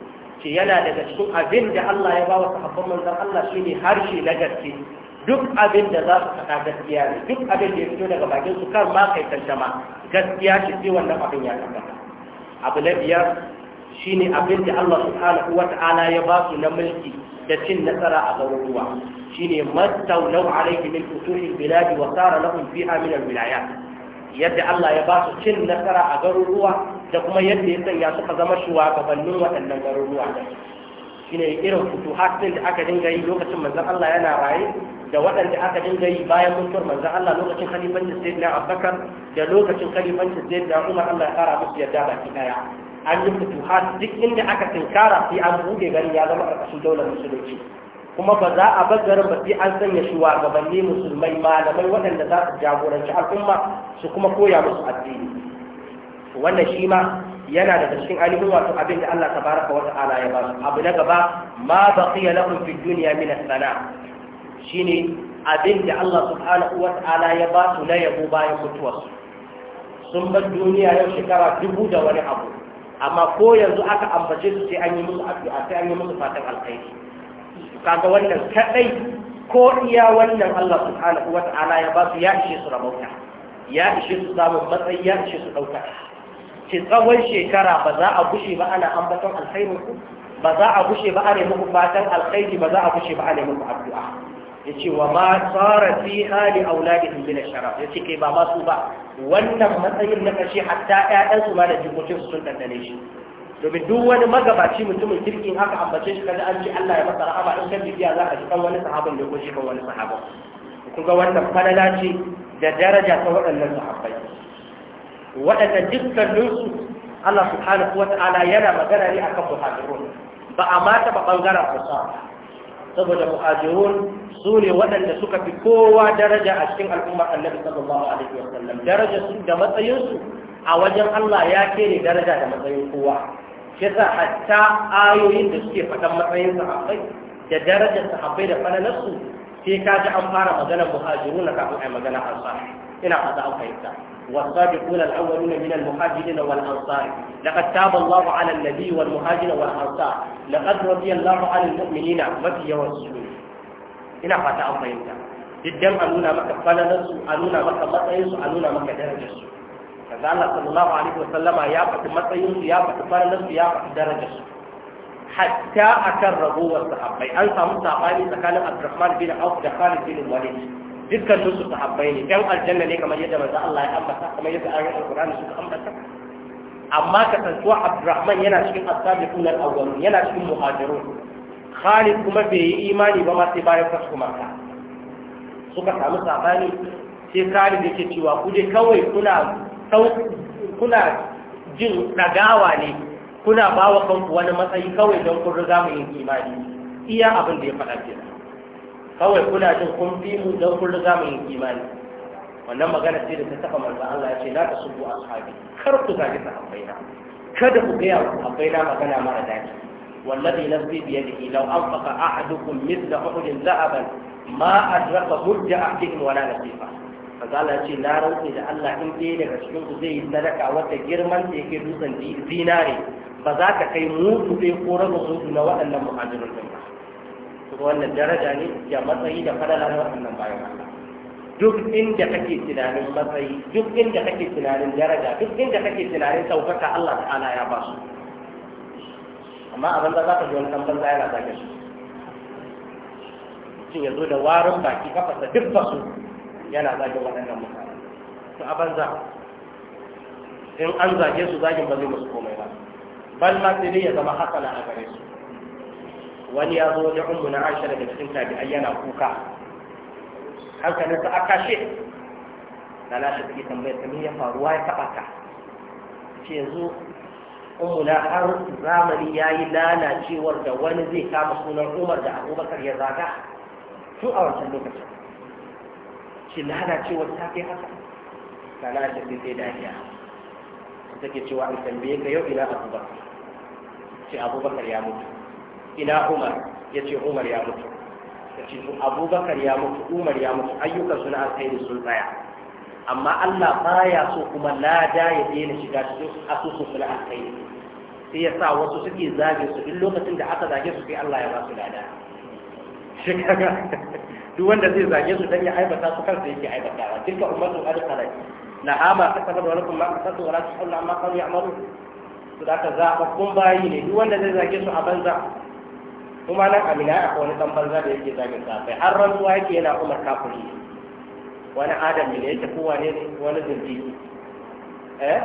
A: ce yana daga cikin abin da Allah ya ba wa sahabban manzon Allah shine harshe na gaske duk abin da za su faɗa gaskiya ne duk abin da ya fito daga bakin su kar ma kai tantama gaskiya ce sai wannan abin ya tabbata abu na biyar shine abin da Allah subhanahu wa ta'ala ya ba su na mulki da cin nasara a garuruwa shine mastaulau alaihi min usulil biladi wa sara lahum fiha min alwilayat yadda Allah ya ba su cin nasara a garuruwa da kuma yadda ya sanya suka zama shugabannin waɗannan garuruwa shine irin futuhat din da aka dinga yi lokacin manzon Allah yana raye da waɗanda aka dinga yi bayan mutuwar manzon Allah lokacin khalifancin Sayyidina Abubakar da lokacin khalifancin Sayyidina Umar Allah ya fara musu yadda baki daya an yi futuhat duk inda aka tinkara sai an buɗe gari ya zama ƙarƙashin daular musulunci kuma ba za a garin ba sai an sanya shugabanni musulmai malamai waɗanda za su jagoranci al'umma su kuma koya musu addini wannan shi ma yana daga cikin ainihin wato abin da Allah tabaraka wa ta'ala ya ba su abu na gaba ma baqiya lahum fi dunya min as-sana shine abin da Allah subhanahu wa ta'ala ya ba su na yabo bayan mutuwa sun bar duniya yau shekara dubu da wani abu amma ko yanzu aka ambace su sai an yi musu addu'a sai an yi musu fatan alkhairi kaga wannan kadai ko iya wannan Allah subhanahu wa ta'ala ya ba su ya ishe su rabauta ya ishe su samun matsayi ya ishe su dauka ce tsawon shekara ba za a bushe ba ana ambaton alkhairin ku ba za a bushe ba ana muku fatan alkhairi ba za a bushe ba ana muku addu'a yace wa ma tsara fi hali auladihim bil sharaf yace kai ba ma su ba wannan matsayin na kashi hatta ƴaƴan su ma da jikokin su sun dandane shi domin duk wani magabaci mutumin kirkin haka ambace shi kaza an ce Allah ya masa rahama in kan bibiya za ka ji kan wani sahabin da ko shi kan wani sahabin kun ga wannan falala ce da daraja ta waɗannan sahabbai waɗanda dukkaninsu Allah subhanahu wa ta'ala yana magana ne akan muhajirun ba a mata ba bangaren fasaha saboda muhajirun su ne waɗanda suka fi kowa daraja a cikin al'ummar annabi sallallahu alaihi wa sallam daraja su da matsayinsu a wajen Allah ya kere daraja da matsayin kowa yasa hatta ayoyin da suke faɗan matsayin sahabbai da darajar sahabbai da falalarsu sai ka ji an fara maganar muhajiru na kafin ai magana ansar ina fata an fahimta والسابقون الأولون من المهاجرين والأنصار لقد تاب الله على النبي والمهاجر والأنصار لقد رضي الله عن المؤمنين مكي والسلوك ina fata an fahimta diddan a nuna maka falalarsu a nuna maka matsayinsu a nuna maka darajarsu kaza Allah sallallahu alaihi wasallama ya faɗi matsayin su ya faɗi farlan su ya faɗi darajar su hatta akan rabuwar sahabbai an samu sabani tsakanin Abdurrahman bin Auf da Khalid bin Walid dukkan su sahabbai ne ɗan aljanna ne kamar yadda manzo Allah ya ambata kamar yadda ayoyin Al-Qur'ani suka ambata amma kasantuwa Abdurrahman yana cikin as-sabiqun al-awwalun yana cikin muhajirun Khalid kuma bai yi imani ba ma sai bayan fasku maka suka samu sabani sai Khalid yake cewa ku dai kawai kuna kuna jin ɗagawa ne kuna ba wa kanku wani matsayi kawai don kun riga mu yin imani iya abin da ya faɗa ke kawai kuna jin kun fi mu don kun riga mu yin imani wannan magana ce da ta taɓa manzo Allah ya ce la tasubu ashabi kar ku ta sahabbaina kada ku gaya wa sahabbaina magana mara daɗi والذي نفسي بيده لو أنفق أحدكم مثل أحد ذهبا ما أدرك مد أحدهم ولا نصيفه mazala ce na ne da Allah in ɗaya daga cikin ku zai yi sadaka wata girman da yake dutsen zinare ba za ka kai mutu ɗaya ko rabin mutu na waɗannan muhajirin ɗin ba kuma wannan daraja ne ya matsayi da fadala na waɗannan bayan Allah duk inda kake tunanin matsayi duk inda kake tunanin daraja duk inda kake tunanin saukaka Allah ta'ala ya ba su amma abin da za ka ji wani kan banza yana zage shi mutum ya zo da warin baki kafasa duk ba su yana zagin waɗannan mutane to a banza in an zage su zagin ba zai musu komai ba bal ma sai dai ya zama hasala a gare su wani ya zo wani ummu na aisha daga cikin tabi'ai yana kuka hankalinsa a kashe na lashe take tambayar ta me ya faruwa ya taɓa ka ce yanzu na har zamani ya yi lalacewar da wani zai kama sunan umar da abubakar ya zaga tun a wancan lokacin shi lalacewar ta kai haka ta lalace sai dariya take cewa an tambaye ka yau ina abubakar ce abubakar ya mutu ina umar ya ce umar ya mutu ta ce su abubakar ya mutu umar ya mutu ayyukan suna da sun tsaya amma allah baya so kuma lada ya daina shiga cikin asusun suna alkhairi sai ya sa wasu suke zage su duk lokacin da aka zage su sai allah ya ba su lada shi duk wanda zai zage su dan ya aibata su kansa yake aibatawa tilka ummatu qad khalat laha ma kasabat wa lakum ma kasabtum wa la tusallu amma kanu ya'malun to da ka zaba kun bayi ne duk wanda zai zage su a banza kuma nan amina akwai wani dan banza da yake zage safai har rantsuwa yake yana umar kafiri wani adam ne yake kowa ne wani zindiki eh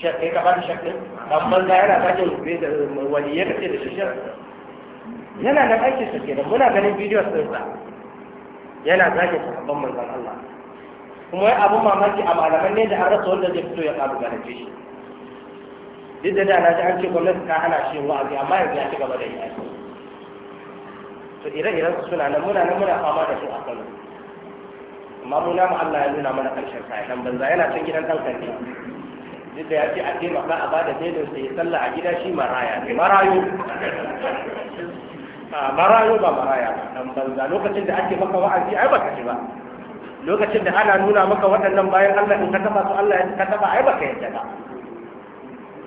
A: shakka ka ba shakka dan banza yana zage wani da wani yake da shi yana nan aikin sa kenan muna ganin bidiyon sun sa yana zage sahabban manzon Allah kuma wai abun mamaki a malaman ne da an rasa wanda zai fito ya kalu galace shi duk da da na ji an ce gwamnati ta hana shi wa'azi amma yanzu ya ci gaba da yi aiki to ire-iren su suna nan muna nan muna fama da su a Kano amma mu namu Allah ya nuna mana karshen sa nan banza yana cin gidan dan ne duk da ya ce a taimaka a bada daidai sai sallah a gida shi maraya ne marayu
B: marayo
A: ba maraya ba dan banza lokacin da ake maka wa'azi ai baka ji ba lokacin da ana nuna maka waɗannan bayan Allah in ka taba su Allah ya ka taba ai baka yadda ba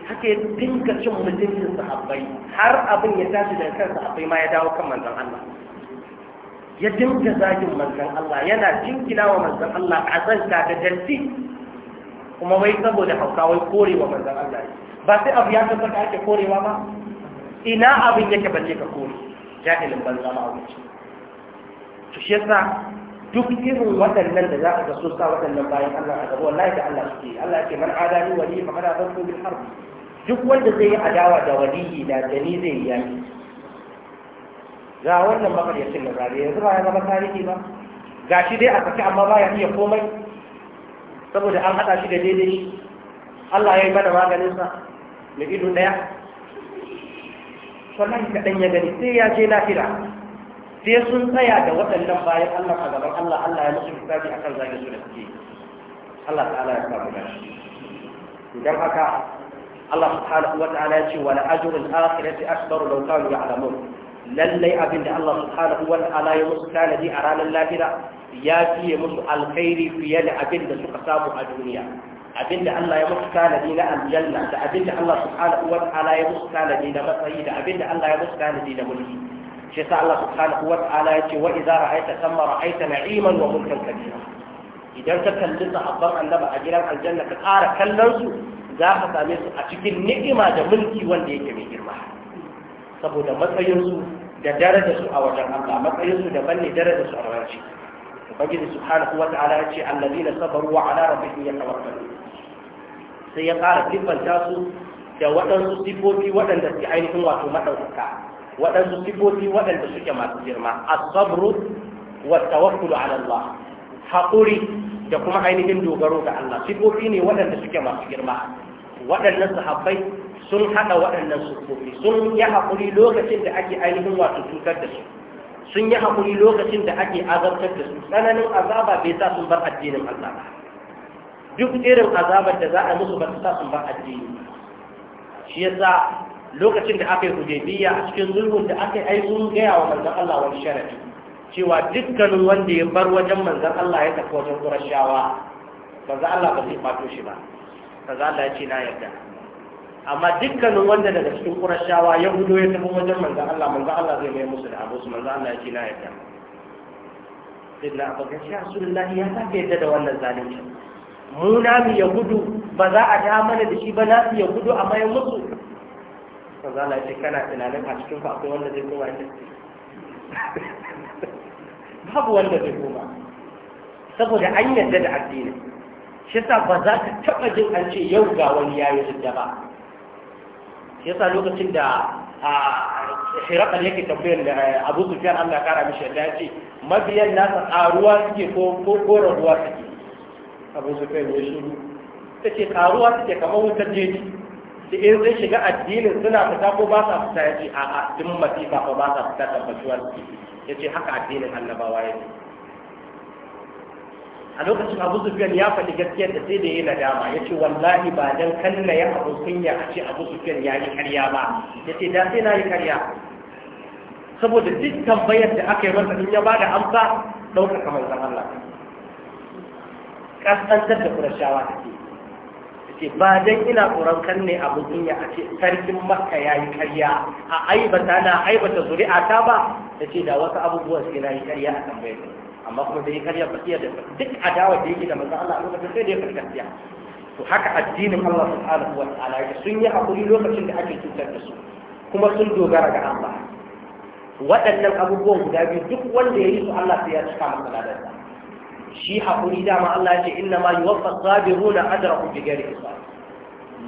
A: haka ya dinka cin mutuncin sahabbai har abin ya tashi da kansa sahabbai ma ya dawo kan manzon Allah ya dinka zagin manzon Allah yana jinkilawa wa manzon Allah azanta da datti kuma wai saboda hauka wai korewa manzon Allah ba sai abu ya tabbata ake korewa ba ina abin yake bace ka kore jahilin banza ma wuce to shi yasa duk irin waɗannan da za a ga so sa waɗannan bayan Allah a gaba wallahi da Allah suke Allah yake man adani wali fa kada ban bil harb duk wanda zai yi adawa da waliyi da dani zai yi yaki ga wannan makaryacin da zabe yanzu ba ya zama tarihi ba gashi dai a saki amma ba ya iya komai saboda an haɗa shi da daidai Allah ya yi mana maganinsa da ido ɗaya wallahi ɗan ya gani sai ya je lahira sai sun tsaya da waɗannan bayan Allah a gaban Allah Allah ya musu hisabi akan zage su da suke Allah ta'ala ya samu gashi idan haka Allah subhanahu wa ta'ala ya ce wa la'ajrul akhirati akbar law kanu ya'lamun lallai abin da Allah subhanahu wa ta'ala ya musu tanadi a ranar lahira ya fiye musu alkhairi fiye da abin da suka samu a duniya abinda Allah ya musu tanadi na aljanna da abinda Allah subhanahu wa ta'ala ya musu tanadi na matsayi da abinda Allah ya musu tanadi na mulki shi sa Allah subhanahu wa ta'ala ya ce wa idza ra'aita thamma ra'aita na'iman wa mulkan kabira idan ka kalli sahabban annabi a gidan aljanna ka ƙara kallon su za ka same su a cikin ni'ima da mulki wanda yake mai girma saboda matsayinsu da darajarsu a wajen Allah matsayinsu daban ne darajarsu a wajen shi ubangiji subhanahu wa ta'ala ya ce allazina sabaru wa ala rabbihim yatawakkalun sai ya ƙara siffanta su da waɗansu sifofi waɗanda suke ainihin wato maɗaukaka waɗansu sifofi waɗanda suke masu girma as-sabru wa tawakkulu ala Allah haƙuri da kuma ainihin dogaro ga Allah sifofi ne waɗanda suke masu girma waɗannan sahabbai sun haɗa waɗannan sifofi sun yi haƙuri lokacin da ake ainihin wato cutar da su sun yi haƙuri lokacin da ake azabtar da su tsananin azaba bai sa sun bar addinin Allah ba duk irin azabar da za a musu ba ta sa sun ba addini shi yasa lokacin da aka yi hudaybiya a cikin zulhun da aka yi ai sun gaya wa manzan Allah wani sharadi cewa dukkanin wanda ya bar wajen manzan Allah ya tafi wajen Qurashawa manzan Allah ba zai fato shi ba manzan Allah ya ce na yarda amma dukkanin wanda daga cikin Qurashawa ya hudo ya tafi wajen manzan Allah manzan Allah zai mai musu da abu su manzan Allah ya ce na yarda sai na abokan shi Rasulullahi ya sake yadda da wannan zalunci
B: mu namu
A: ya gudu ba za a da mana da shi ba nasu ya gudu a mayan mutu za a ce kana tunanin a cikin ku akwai wanda zai koma ya babu wanda zai koma saboda an yadda da addini shi sa ba za ka taɓa jin an ce yau ga wani yayi da ba shi yasa lokacin da shirakal yake tambayar da abu sufyan allah kara mishi ya ce mabiyan nasa ƙaruwa suke ko raguwa suke abu su kai ya shiru ta ce karuwa suke kamar wutar jeji da in zai shiga addinin suna fita ko ba sa fita ya ce a'a tun masifa ko ba sa fita tabbatuwar su ya ce haka addinin annabawa ya ce a lokacin abu sufiyan ya faɗi gaskiyar da sai da ya nadama ya ce wallahi ba don kanna ya abu kunya a ce abu sufiyan ya yi karya ba ya ce da sai na yi karya saboda duk tambayar da aka yi masa in ya ba da amsa ɗaukaka manzan Allah kaskantar da kurashawa take ce ba dan ina tsoron kan ne abin inya a ce sarkin makka ya yi karya a aibata na aibata zuri'a ta ba ta ce da wasu abubuwan sai na yi karya a kan bayan amma kuma da yi karya ba iya da duk adawa da yake da masu Allah a lokacin sai da ya karkasiya to haka addinin Allah subhanahu wa ta'ala ya sun yi hakuri lokacin da ake cutar da su kuma sun dogara ga Allah waɗannan abubuwan guda biyu duk wanda ya yi su Allah sai ya cika masa ladarsa shi haƙuri dama Allah ce inna ma yuwaffa sabiruna ajrahum bi ghairi hisab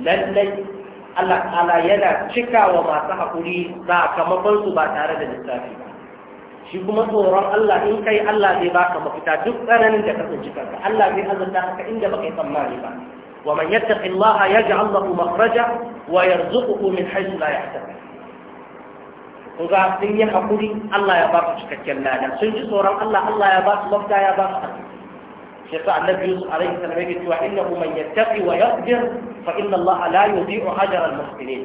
A: lallai Allah ta'ala yana cikawa masu haƙuri sakamakon su ba tare da lissafi ba shi kuma tsoron Allah in kai Allah zai baka mafita duk tsananin da ka tsinci kanka Allah zai azurta haka inda baka yi tsammani ba wa man yattaqi Allah yaj'al lahu makhraja wa yarzuquhu min haythu la yahtasib kuga sun yi hakuri Allah ya ba su cikakken lada sun ji tsoron Allah Allah ya ba su mafita ya ba su shi sa annabi yusuf alaihi salam yake cewa innahu man yattaqi wa yasbir fa inna allaha la yudhi'u ajra al muhsinin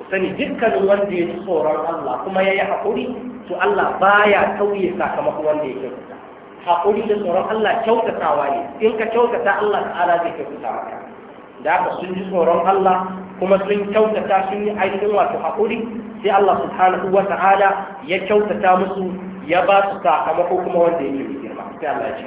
A: ku sani dukkanin wanda ya ji tsoron Allah kuma ya yi haƙuri to Allah baya tauye sakamakon wanda ya kyautata haƙuri da tsoron Allah kyautatawa ne in ka kyautata Allah ta'ala zai kyautata maka da haka sun ji tsoron Allah kuma sun kyautata sun yi aikin wato haƙuri sai Allah subhanahu wa ta'ala ya kyautata musu ya ba su sakamako kuma wanda yake girma sai Allah ya ce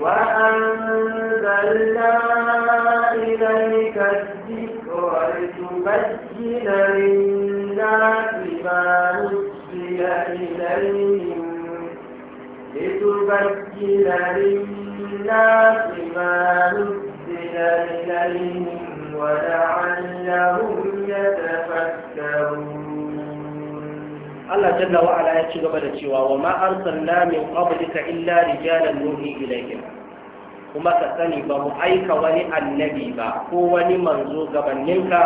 B: وأنزلنا إليك الذكر للناس ما إليهم ولعلهم يتفكرون
A: Allah jalla wa ala ya ci gaba da cewa wa ma arsalna min qablika illa rijalan nuhi ilayhim kuma ka sani ba mu aika wani annabi ba ko wani manzo gabaninka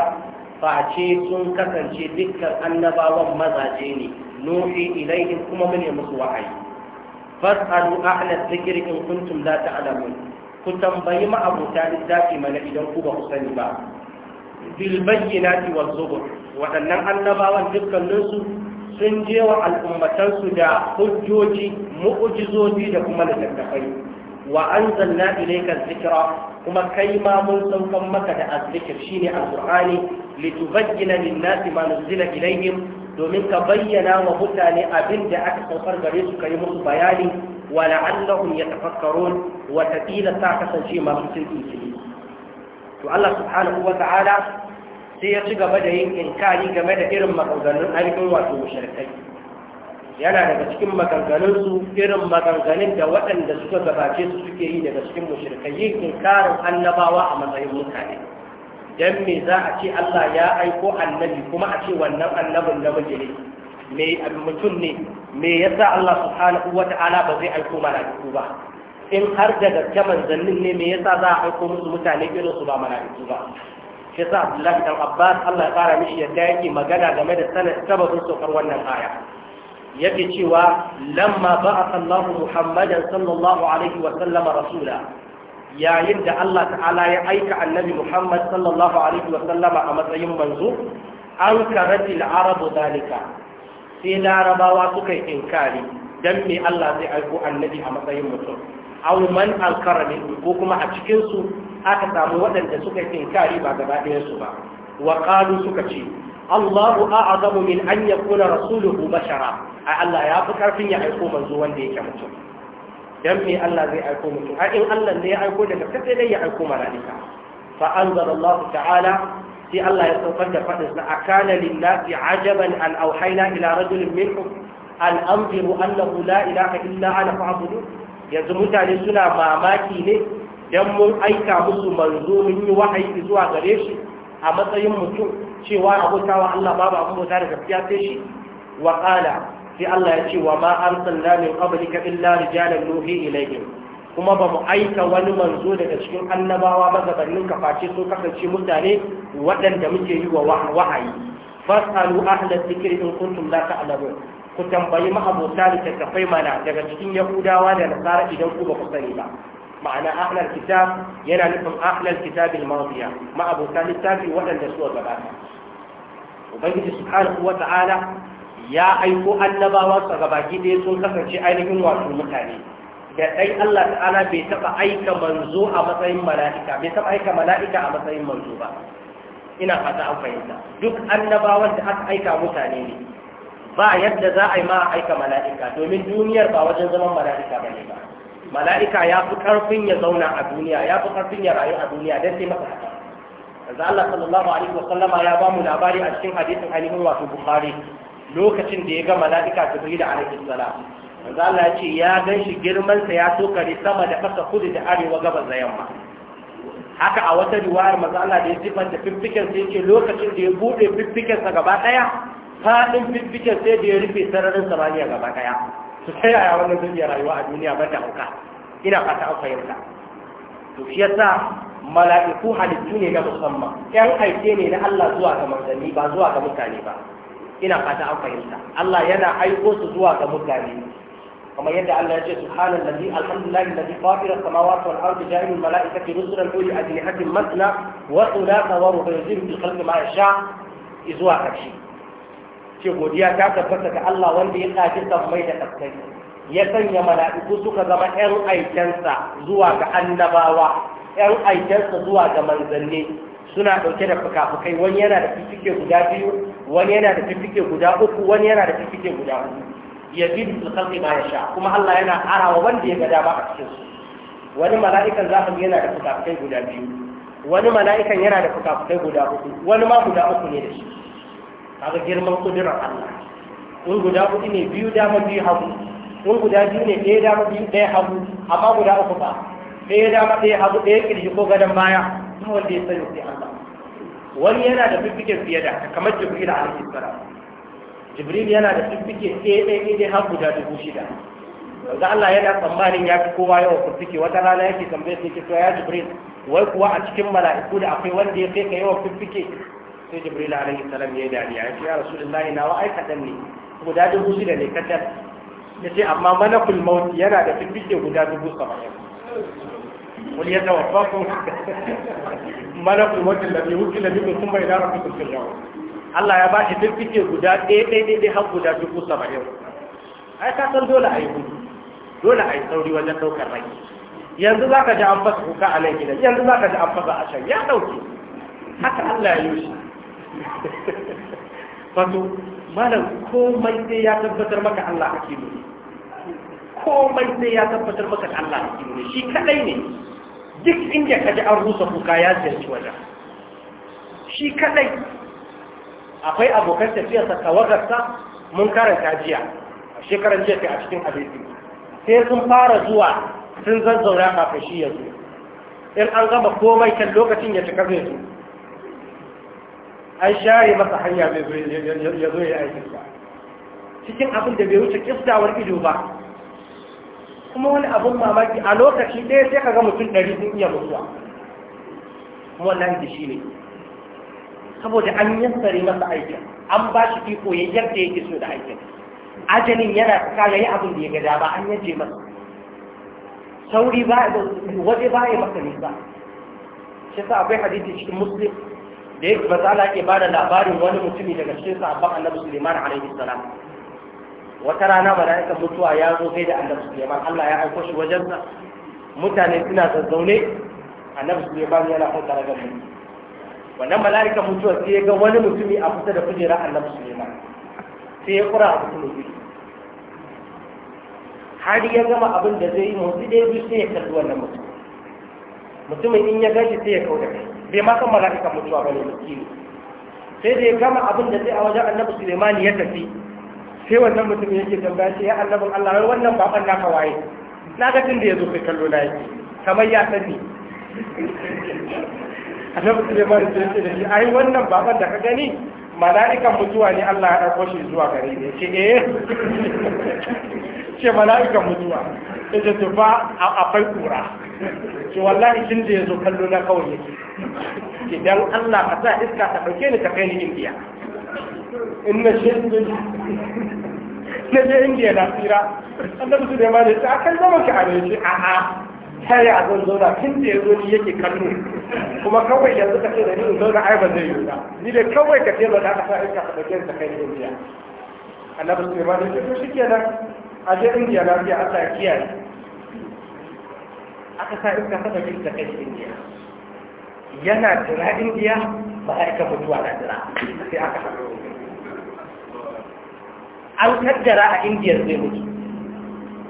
A: face sun kasance dukkan annabawan mazaje ne nuhi ilaihim kuma mune musu wahayi fas'alu ahla dhikri in kuntum la ta'lamun ku tambayi ma ma'abuta littafi mana idan ku ba ku sani ba bil bayyinati wal zubur waɗannan annabawan dukkaninsu sun je wa al'ummatansu da hujjoji mu'ujizoji da kuma littattafai wa an zanna ilaika zikira kuma kai ma mun saukan maka da azzikir shine alqur'ani litubayyana lin-nasi ma nuzila ilayhim domin ka bayyana wa mutane abin da aka saukar gare su kai musu bayani wa la'allahum yatafakkarun wa tatila ta kasance masu tuntuɓe to Allah subhanahu wa ta'ala sai ya ci gaba da yin inkari game da irin maganganun ainihin wato musharkai. yana daga cikin maganganunsu irin maganganun da waɗanda suka gabace su suke yi daga cikin musharkai, yin inkarin annabawa a matsayin mutane Don me za a ce Allah ya aiko annabi kuma a ce wannan annabin namiji ne me mutum ne me yasa Allah subhanahu wata'ala ba zai aiko mala'iku ba in har da gaske manzannin ne me yasa za a aiko musu mutane irin su ba mala'iku ba shi sa Abdullahi dan Abbas Allah ya fara mishi yadda yake magana game da sanad sababin sokar wannan aya yake cewa lamma ba'atha Allah Muhammadan sallallahu alaihi wa sallama rasula yayin da Allah ta'ala ya aika annabi Muhammad sallallahu alaihi wa sallama a matsayin manzo an karati al-arabu dalika sai larabawa suka yi inkari dan me Allah zai aiko annabi a matsayin mutum aw man ko kuma a cikinsu su aka samu waɗanda suka yi inkari ba gaba ɗayan ba wa qalu suka ce Allahu a'zamu min an kuna rasuluhu bashara ai Allah ya fi karfin ya aiko manzo wanda yake mutum dan me Allah zai aiko mutum ai in Allah ne ya aiko daga kace dai ya aiko malaika fa anzala Allah ta'ala sai Allah ya saukar da faɗinsa a kana lillahi ajaban an auhaina ila rajulin minhum an anziru annahu la ilaha illa ana fa'budu yanzu mutane suna mamaki ne don mun aika musu manzo mun yi wahayi zuwa gare shi a matsayin mutum cewa abota wa Allah babu abin bauta da gaskiya sai shi wa qala sai Allah ya ce wa ma arsalna min qablika illa rijalan nuhi ilayhim kuma ba mu aika wani manzo daga cikin annabawa ba ka face so kasance mutane waɗanda muke yi wa wahayi fasalu ahla dhikri in kuntum la ta'lamun ku tambayi mahabota tattafai mana daga cikin yahudawa da nasara idan ku ba ku sani ba ma'ana ahlal kitab yana nufin ahlal kitab al-madiya ma'abota littafi waɗanda suka gabata ubangiji subhanahu wata'ala ya aiko annabawa sa gaba ɗaya sun kasance ainihin wato mutane da ɗai Allah ta'ala bai taɓa aika manzo a matsayin mala'ika bai taɓa aika mala'ika a matsayin manzo ba ina fata an fahimta duk annabawan da aka aika mutane ne ba yadda za a yi ma aika mala'ika domin duniyar ba wajen zaman mala'ika ba ne ba mala'ika ya fi ƙarfin ya zauna a duniya ya fi ƙarfin ya rayu a duniya don sai masa haka yanzu Allah sallallahu alaihi wasallama ya ba mu labari a cikin hadisin ainihin wato Bukhari lokacin da ya ga mala'ika Jibril alaihi salam yanzu Allah ya ce ya gan shi girman sa ya tokare sama da kasa kudu da arewa gabas da yamma haka a wata riwayar manzo Allah da ya sifanta fiffiken sa yake lokacin da ya bude fiffiken sa gaba ɗaya? faɗin fiffiken sai da ya rufe sararin samaniya gaba ɗaya su ta yaya wannan rayuwa a duniya ban da hauka ina fata an fahimta to shi yasa mala'iku halittu ne na musamman yan aike ne na Allah zuwa ga manzanni ba zuwa ga mutane ba ina fata an fahimta Allah yana aiko su zuwa ga mutane كما يدعى الله جل سبحانه الذي الحمد لله الذي فاطر السماوات والارض جاعل الملائكه رسلا اولي اجنحه مثنى وثلاث وربع يزيد في الخلق ما يشاء إذ واحد شيء ce godiya ta tabbata ga Allah wanda ya kaji sammai da kaskai ya sanya mala'iku suka zama ƴan aikensa zuwa ga annabawa ƴan aikensa zuwa ga manzanni suna ɗauke da fukafukai wani yana da fifike guda biyu wani yana da fifike guda uku wani yana da fifike guda huɗu, ya fi da kalli ma ya sha kuma Allah yana arawa wanda ya ga dama a cikin su wani mala'ikan za ka yana da fukafukai guda biyu wani mala'ikan yana da fukafukai guda uku wani ma guda uku ne da shi kaga girman kudurar Allah in guda hudu ne biyu dama biyu hagu in guda biyu ne ɗaya dama biyu ɗaya hagu amma guda uku ba ɗaya dama ɗaya hagu ɗaya kirji ko gadon baya ba wanda ya sani sai Allah wani yana da fiffiken fiye da kamar Jibril alaihi salam Jibril yana da fiffike ɗaya ɗaya ɗaya ɗaya har guda dubu shida yanzu Allah yana tsammanin ya fi kowa yawan fiffike wata rana yake tambayar sai ke ya Jibril wai kuwa a cikin mala'iku da akwai wanda ya kai ka yawan fiffike sai jibril alaihi salam ya yi dariya ya ce ya rasulullahi na wa aikatan ne guda dubu shida ne kacal ya ce amma malakul maut yana da fifike guda dubu saba'in wal ya tawaffaku malakul maut alladhi wukila bikum thumma ila rabbikum turja'un Allah ya ba shi fifike guda ɗaya ɗaya ɗaya har guda dubu saba'in ai ka san dole ai gudu dole ai sauri wajen ɗaukar rai yanzu za ka ji an fasa kuka a nan gidan yanzu za ka ji an fasa a can ya dauke haka Allah ya yi shi wato malam komai sai ya tabbatar maka Allah kake nuni komai sai ya tabbatar maka Allah kake nuni shi kadai ne duk inda ka ji an rusa kuka ya ziyarci wajen shi kadai akwai abokan tafiyarsa tawagarsa mun karanta jiya a shekaran jiya kai a cikin hadisi sai sun fara zuwa sun zazzaura kafin shi ya zo in an gama komai kan lokacin ya cika zai zo an share masa hanya mai ya zo ya aikin ba cikin abin da bai wuce kiftawar ido ba kuma wani abin mamaki a lokaci ɗaya sai ka ga mutum ɗari sun iya mutuwa wannan da shi ne saboda an yassare masa aikin an ba shi iko ya yadda yake so da aikin ajalin yana ya yi abin da ya gada ba an yaje masa sauri ba waje ba ya ne ba. shi sa akwai hadisi cikin muslim da yake ba tsala ke da labarin wani mutumi daga cikin sahabban annabi Suleiman alaihi salam wata rana mala'ikan mutuwa ya zo kai da annabi Suleiman Allah ya aiko shi wajen sa mutane suna zazzaune annabi Suleiman yana kwanta daga mu wannan mala'ika mutuwa sai ya ga wani mutumi a kusa da kujera annabi Suleiman sai ya kura a mutum har ya gama abin da zai yi motsi ɗaya biyu bi sai ya kalli wannan mutum mutumin in ya gashi sai ya kauda kai bai ma san mala'ikan mutuwa ba ne miskini sai da ya gama abin da sai a wajen annabi Sulemani ya tafi sai wannan mutum yake tambaya sai ya annabin Allah wai wannan baban naka waye na ga tun da ya zo kai kallo na yake kamar ya sani annabi Sulemani sai ya ce da shi ai wannan baban da ka gani mala'ikan mutuwa ne Allah ya ɗauko shi zuwa gare ne ya ce eh ce mala'ikan mutuwa ya ce tufa a akwai kura ce wallahi tun da ya zo kallo na kawai yake idan Allah ka sa iska ta ɗauke ni ta kai ni indiya
B: in na shi na je
A: indiya na tsira annabi su da ma a ta kan zama ka ne ce a'a ta yi a zan zauna tun da ya zo ni yake kallo kuma kawai yanzu ka ce da ni in zauna ai ba zai yi ba ni da kawai ka ce ba za ka sa iska ta ɗauke ni ta kai ni indiya annabi su da ne ce to shi kenan a je indiya fiye a tsakiya ne aka sa in iska ta ɗauki da kai indiya yana jira indiya ba a ika mutuwa na jira sai aka haɗu an kaddara a indiyar zai mutu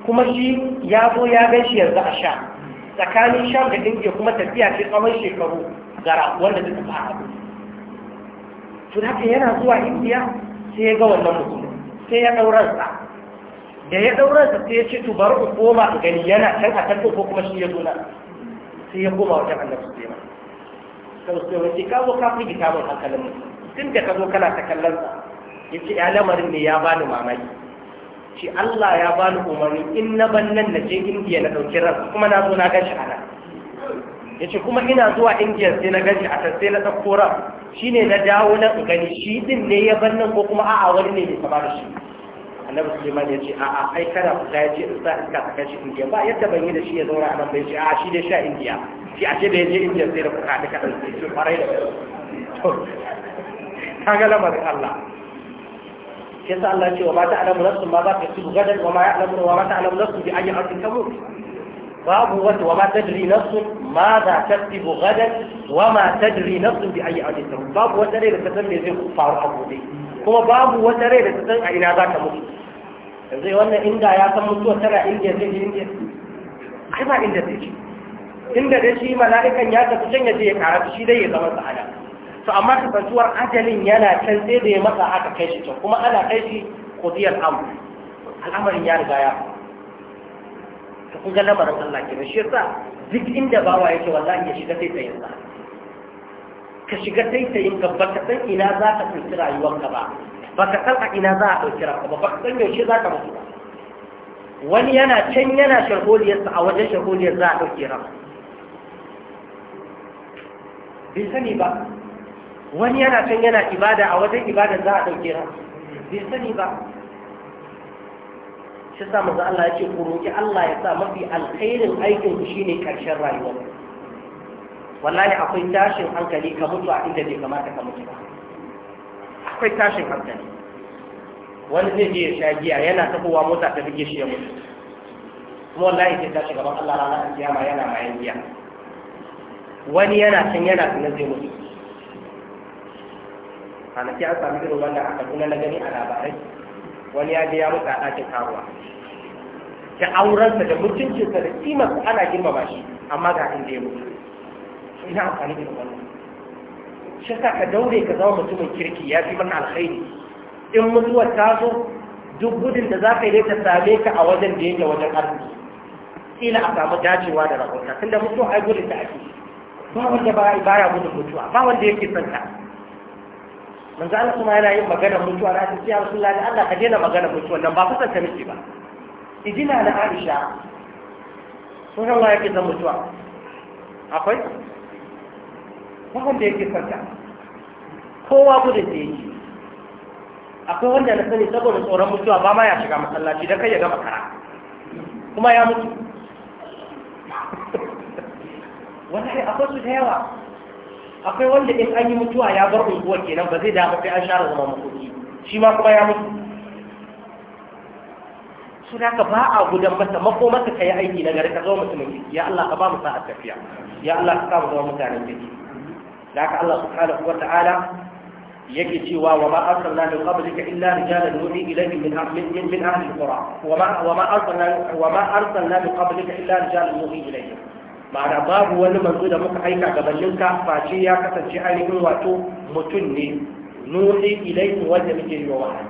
A: kuma shi ya zo ya gan shi yanzu a sha tsakanin sha da indiya kuma tafiya ce tsawon shekaru gara wanda ta tafi a abu to haka yana zuwa indiya sai ya ga wannan mutum sai ya ɗauransa da ya daura sa sai ya ce to bari ku koma gani yana kan a kan ko kuma shi ya zo na sai ya koma wajen annabi ma sai sai wani ka zo ka fi kitabun hankalin mutum tun da ka zo kana ta kallon sa ya ce ya lamarin ne ya bani mamaki shi Allah ya bani umarni in na ban nan na je indiya na dauki ran kuma na zo na ga shi ana ya ce kuma ina zuwa indiya sai na gan shi a sai na dakkora ran na dawo na gani shi din ne ya ban nan ko kuma a'a wani ne ya kama da shi annabi Suleiman ya ce a'a ai kana fita ya ce in sa iska ta kashi Indiya ba yadda ban yi da shi ya zauna a nan bai ce a'a shi dai sha Indiya shi a ce da ya je Indiya sai da kuka da kaɗan sai ce farai da ta ga lamarin Allah shi yasa Allah ce wa ma ta'lamu nafsun ma za ta ci gadan wa ma ya'lamu wa ma ta'lamu nafsun bi ayyi ardin tamut babu wata wa ma tadri nafsun ma za ta ci gadan wa ma tadri nafsun bi ayyi ardin tamut babu wata rai da ta san me zai faru a gobe kuma babu wata rai da ta san a ina za ta mutu yanzu wannan inda ya san mutuwa tana indiya zai je indiya ai ba inda zai je inda dai shi mala'ikan ya tafi can ya je ya karatu shi dai ya zama sa'ada to amma kasantuwar ajalin yana can sai da ya matsa aka kai shi can kuma ana kai shi kodiyar amu al'amarin ya riga ya ta kun ga lamarin Allah kenan shi yasa duk inda bawa yake wallahi ya shiga taitayin sa ka shiga taitayin ba ka san ina za ka tsinci rayuwarka ba ba ka san a ina za a ɗauki ranka ba ba ka san yaushe za ka mutu ba wani yana can yana sharholiyarsa a wajen sharholiyar za a ɗauki ranka bai sani ba wani yana can yana ibada a wajen ibada za a ɗauki ranka bai sani ba shi sa maza Allah ya ce ku roƙi Allah ya sa mafi alkhairin aikin ku shine karshen rayuwa wallahi akwai tashin hankali ka mutu a inda bai kamata ka mutu ba akwai tashin hankali wani zai je ya sha giya yana tabowa mota ta bige shi ya mutu kuma wallahi sai tashi gaban Allah ranar kiyama yana mayan giya wani yana can yana tuna zai mutu ki an sami irin wannan aka tuna na gani a labarai wani ya je ya mutu a ɗakin karuwa da aurensa da mutuncinsa da kimarsa ana girmama shi amma ga inda ya mutu ina amfani da wannan shi sa ka daure ka zama mutumin kirki ya fi mana alkhairi in mutuwa ta zo duk gudun da za ka yi ta same ka a wajen da yake wajen arziki kila a samu dacewa da rahota tunda mutuwa ai gudun da ake ba wanda ba ibara gudun mutuwa ba wanda yake son ka manzo Allah kuma yana yin magana mutuwa na ta ya Rasulullahi Allah ka daina magana mutuwa nan ba kusa ta miki ba idina na Aisha sun rawa yake zan mutuwa akwai ba wanda yake santa kowa gudun da yake akwai wanda na sani saboda tsoron mutuwa ba ma ya shiga masallaci don kai ya gama kara kuma ya mutu wallahi akwai su da yawa akwai wanda in an yi mutuwa ya bar unguwa kenan ba zai damu sai an share zama makoki shi ma kuma ya mutu su da ka ba a gudan masa mako masa ka yi aiki na gari ka zo mutumin ya Allah ka ba mu sa'ad tafiya ya Allah ka sa mu zama mutanen gari da aka Allah subhanahu wa ta'ala yake cewa wa ma arsalna min qablika illa rijalan nuhi ilayhim min min min ahli alqura wa ma wa ma arsalna wa ma arsalna min qablika illa rijalan nuhi ilayhim ma'ana babu wani manzo da muka aika gabaninka face ya kasance ainihin wato mutum ne nuhi ilayhi wanda muke yi wahayi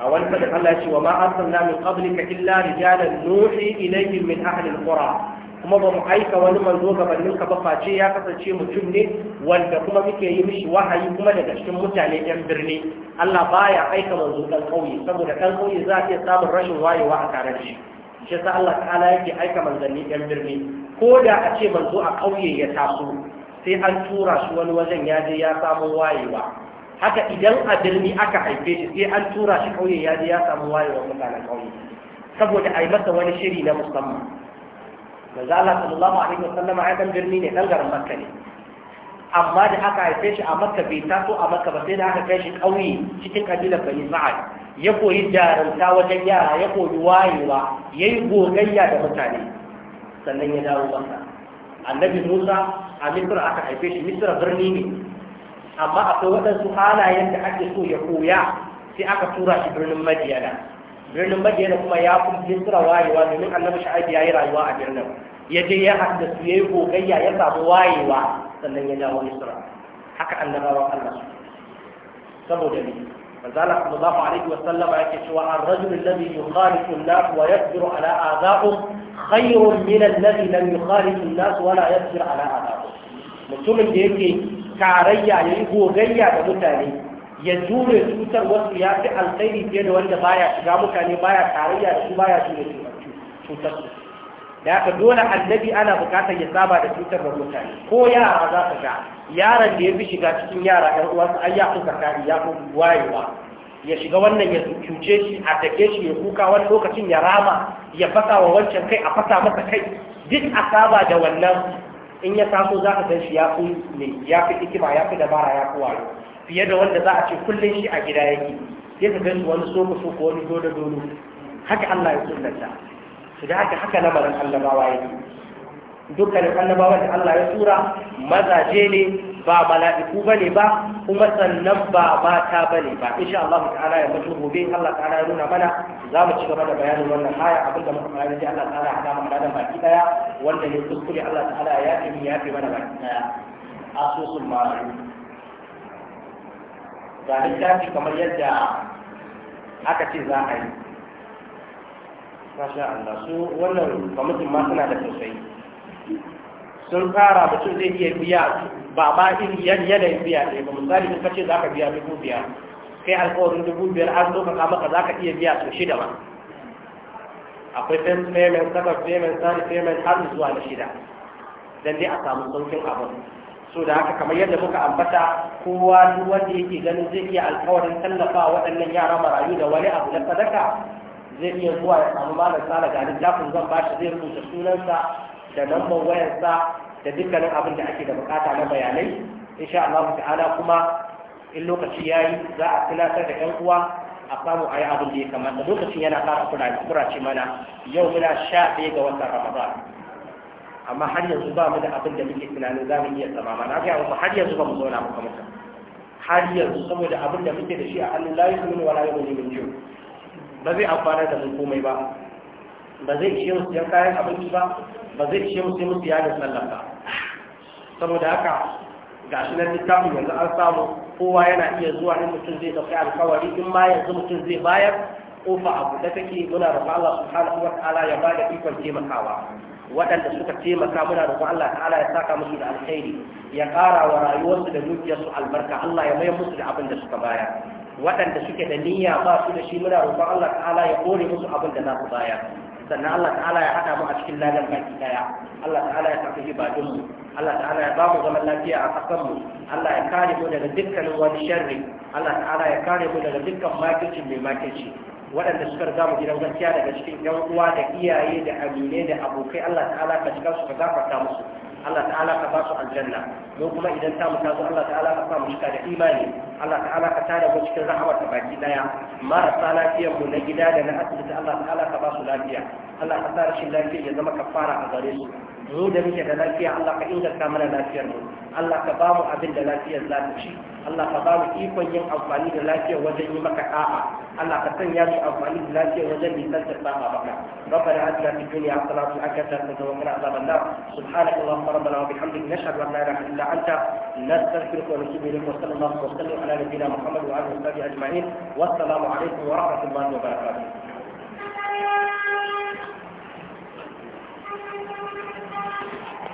A: a wani fadin Allah ya ce wa ma arsalna min qablika illa rijalan nuhi ilayhim min ahli alqura kuma ba mu aika wani manzo gabanin ka ba face ya kasance mutum ne wanda kuma muke yi mishi wahayi kuma daga cikin mutane yan birni Allah baya aika manzo dan kauye saboda dan kauye za a iya samun rashin wayewa a tare da shi shi sa Allah ta'ala yake aika manzanni yan birni ko da a ce manzo a kauye ya taso sai an tura shi wani wajen ya je ya samu wayewa haka idan a birni aka haife shi sai an tura shi kauye ya je ya samu wayewa mutanen kauye saboda a yi masa wani shiri na musamman manzo Allah sallallahu alaihi wasallam ai dan birni ne dan garin Makka ne amma da aka haife shi a Makka bai taso a Makka ba sai da aka kai shi ƙauye cikin kabilar Bani Sa'ad ya koyi jarumta wajen yara ya koyi wayewa ya yi gogayya da mutane sannan ya dawo Makka annabi Musa a Misra aka haife shi Misra birni ne amma akwai waɗansu halayen da ake so ya koya sai aka tura shi birnin Madiyana birnin madina kuma ya kuma bisira wayewa domin annabi sha'abi ya yi rayuwa a birnin ya je ya haɗa su ya yi gogayya ya samu wayewa sannan ya dawo misira haka annabawan allah saboda ne manzala sallallahu alaihi wa sallama yake cewa ar-rajul alladhi yukhalifu an-nas wa yasbiru ala adha'um khayrun min alladhi lam yukhalifu an-nas wa la yasbiru ala adha'um mutumin da yake tarayya ya yi gogayya da mutane Yanzu jure cutar wasu ya fi alkhairi fiye da wanda baya shiga mutane baya tarayya da su baya jure cutar su da haka dole annabi ana bukatar ya saba da cutar da mutane ko yara za ka ga yaran da ya fi shiga cikin yara ɗan uwansa ai ya kuka kari ya fi wayewa ya shiga wannan ya cuce shi a take shi ya kuka wani lokacin ya rama ya fasa wa wancan kai a fasa masa kai duk a saba da wannan in ya taso za ka san shi ya fi ne ya fi hikima ya fi dabara ya fi wayo fiye da wanda za a ce kullum shi a gida yake sai ka gansu wani soko soko wani dodo dodo haka Allah ya sunnata su da haka haka lamarin annabawa yake dukkanin annabawan da Allah ya tura mazaje ne ba mala'iku bane ba kuma sannan ba mata bane ba insha Allah ta'ala ya mutu gobe Allah ta'ala ya nuna mana za mu ci gaba da bayanin wannan haya abinda muka fara da Allah ta'ala ya hada mu da baki daya wanda ne kuskure Allah ta'ala ya yi ya fi mana baki daya asusul ma'ruf da littafi kamar yadda aka ce za a yi masha Allah su wannan kwamitin ma suna da sosai. sun fara mutum zai iya biya ba ba irin yanayin biya ne ba misali in ka ce za ka biya dubu biyar kai alkawarin dubu biyar an ka maka za ka iya biya sau shida ba akwai first payment second payment third payment har zuwa na shida dan dai a samu saukin abin so da haka kamar yadda muka ambata kowa duk wanda yake ganin zai iya alkawarin tallafa waɗannan yara marayu da wani abu na sadaka zai iya zuwa ya samu malam sala ga littafin zan ba shi zai rubuta sunansa da lambar wayarsa da dukkanin abin da ake da bukata na bayanai insha Allah ta'ala kuma in lokaci yayi za a tunatar da 'yan uwa a samu a abin da ya kamata lokacin yana fara kurace mana yau muna sha ɗaya ga watan ramadan amma har yanzu ba mu da abin da muke tunanin za mu iya tsama ba, na gaya muku har yanzu ba mu zauna muka mutu har yanzu saboda abin da muke da shi a hannun layu kuma wala yau ne min jiyo ba zai amfana da mu komai ba ba zai ishe musu yan kayan abinci ba ba zai ishe musu musu yadin sallah ba saboda haka ga shi na littafin yanzu an samu kowa yana iya zuwa in mutum zai ɗauki alkawari in ma yanzu mutum zai bayar kofa abu da take muna da Allah subhanahu wa ta'ala ya bada ikon taimakawa waɗanda suka taimaka muna roƙon Allah ta'ala ya saka musu da alkhairi ya ƙara wa rayuwarsu da dukiyarsu albarka Allah ya mayar musu da abin da suka baya. waɗanda suke da niyya ba su da shi muna roƙon Allah ta'ala ya kore musu abin da za su bayar sannan Allah ta'ala ya haɗa mu a cikin ladan baki daya Allah ta'ala ya tafi ibadun mu Allah ta'ala ya ba mu zaman lafiya a ƙasar mu Allah ya kare mu daga dukkanin wani sharri Allah ta'ala ya kare mu daga dukkan makircin mai makirci waɗanda suka riga mu gidan gaskiya daga cikin yan uwa da iyaye da amine da abokai Allah ta'ala ka shiga su ka gafarta musu Allah ta'ala ka ba su aljanna mu kuma idan ta mu tazo Allah ta'ala ka sa mu shiga da imani Allah ta'ala ka tare mu cikin rahamar ta baki daya marasa lafiyar mu na gida da na asibiti Allah ta'ala ka ba su lafiya Allah ka sa rashin lafiya ya zama kafara a gare su mu da muke da lafiya Allah ka inganta mana lafiyar mu Allah ka ba mu abin da lafiyar za ta ci Allah ka ba mu ikon yin amfani da lafiyar wajen yi maka da'a Allah ka sanya mu amfani da lafiyar wajen yi sanar da ba baka rabbana atina fid dunya hasanatan wa fil akhirati hasanatan wa qina adhaban nar subhanaka allahumma rabbana wa bihamdika nashhadu an la ilaha illa anta nastaghfiruka wa natubu ilaik wa sallallahu wa sallim ala nabiyyina muhammad wa ala alihi ajma'in wa assalamu alaykum wa rahmatullahi wa barakatuh Thank you.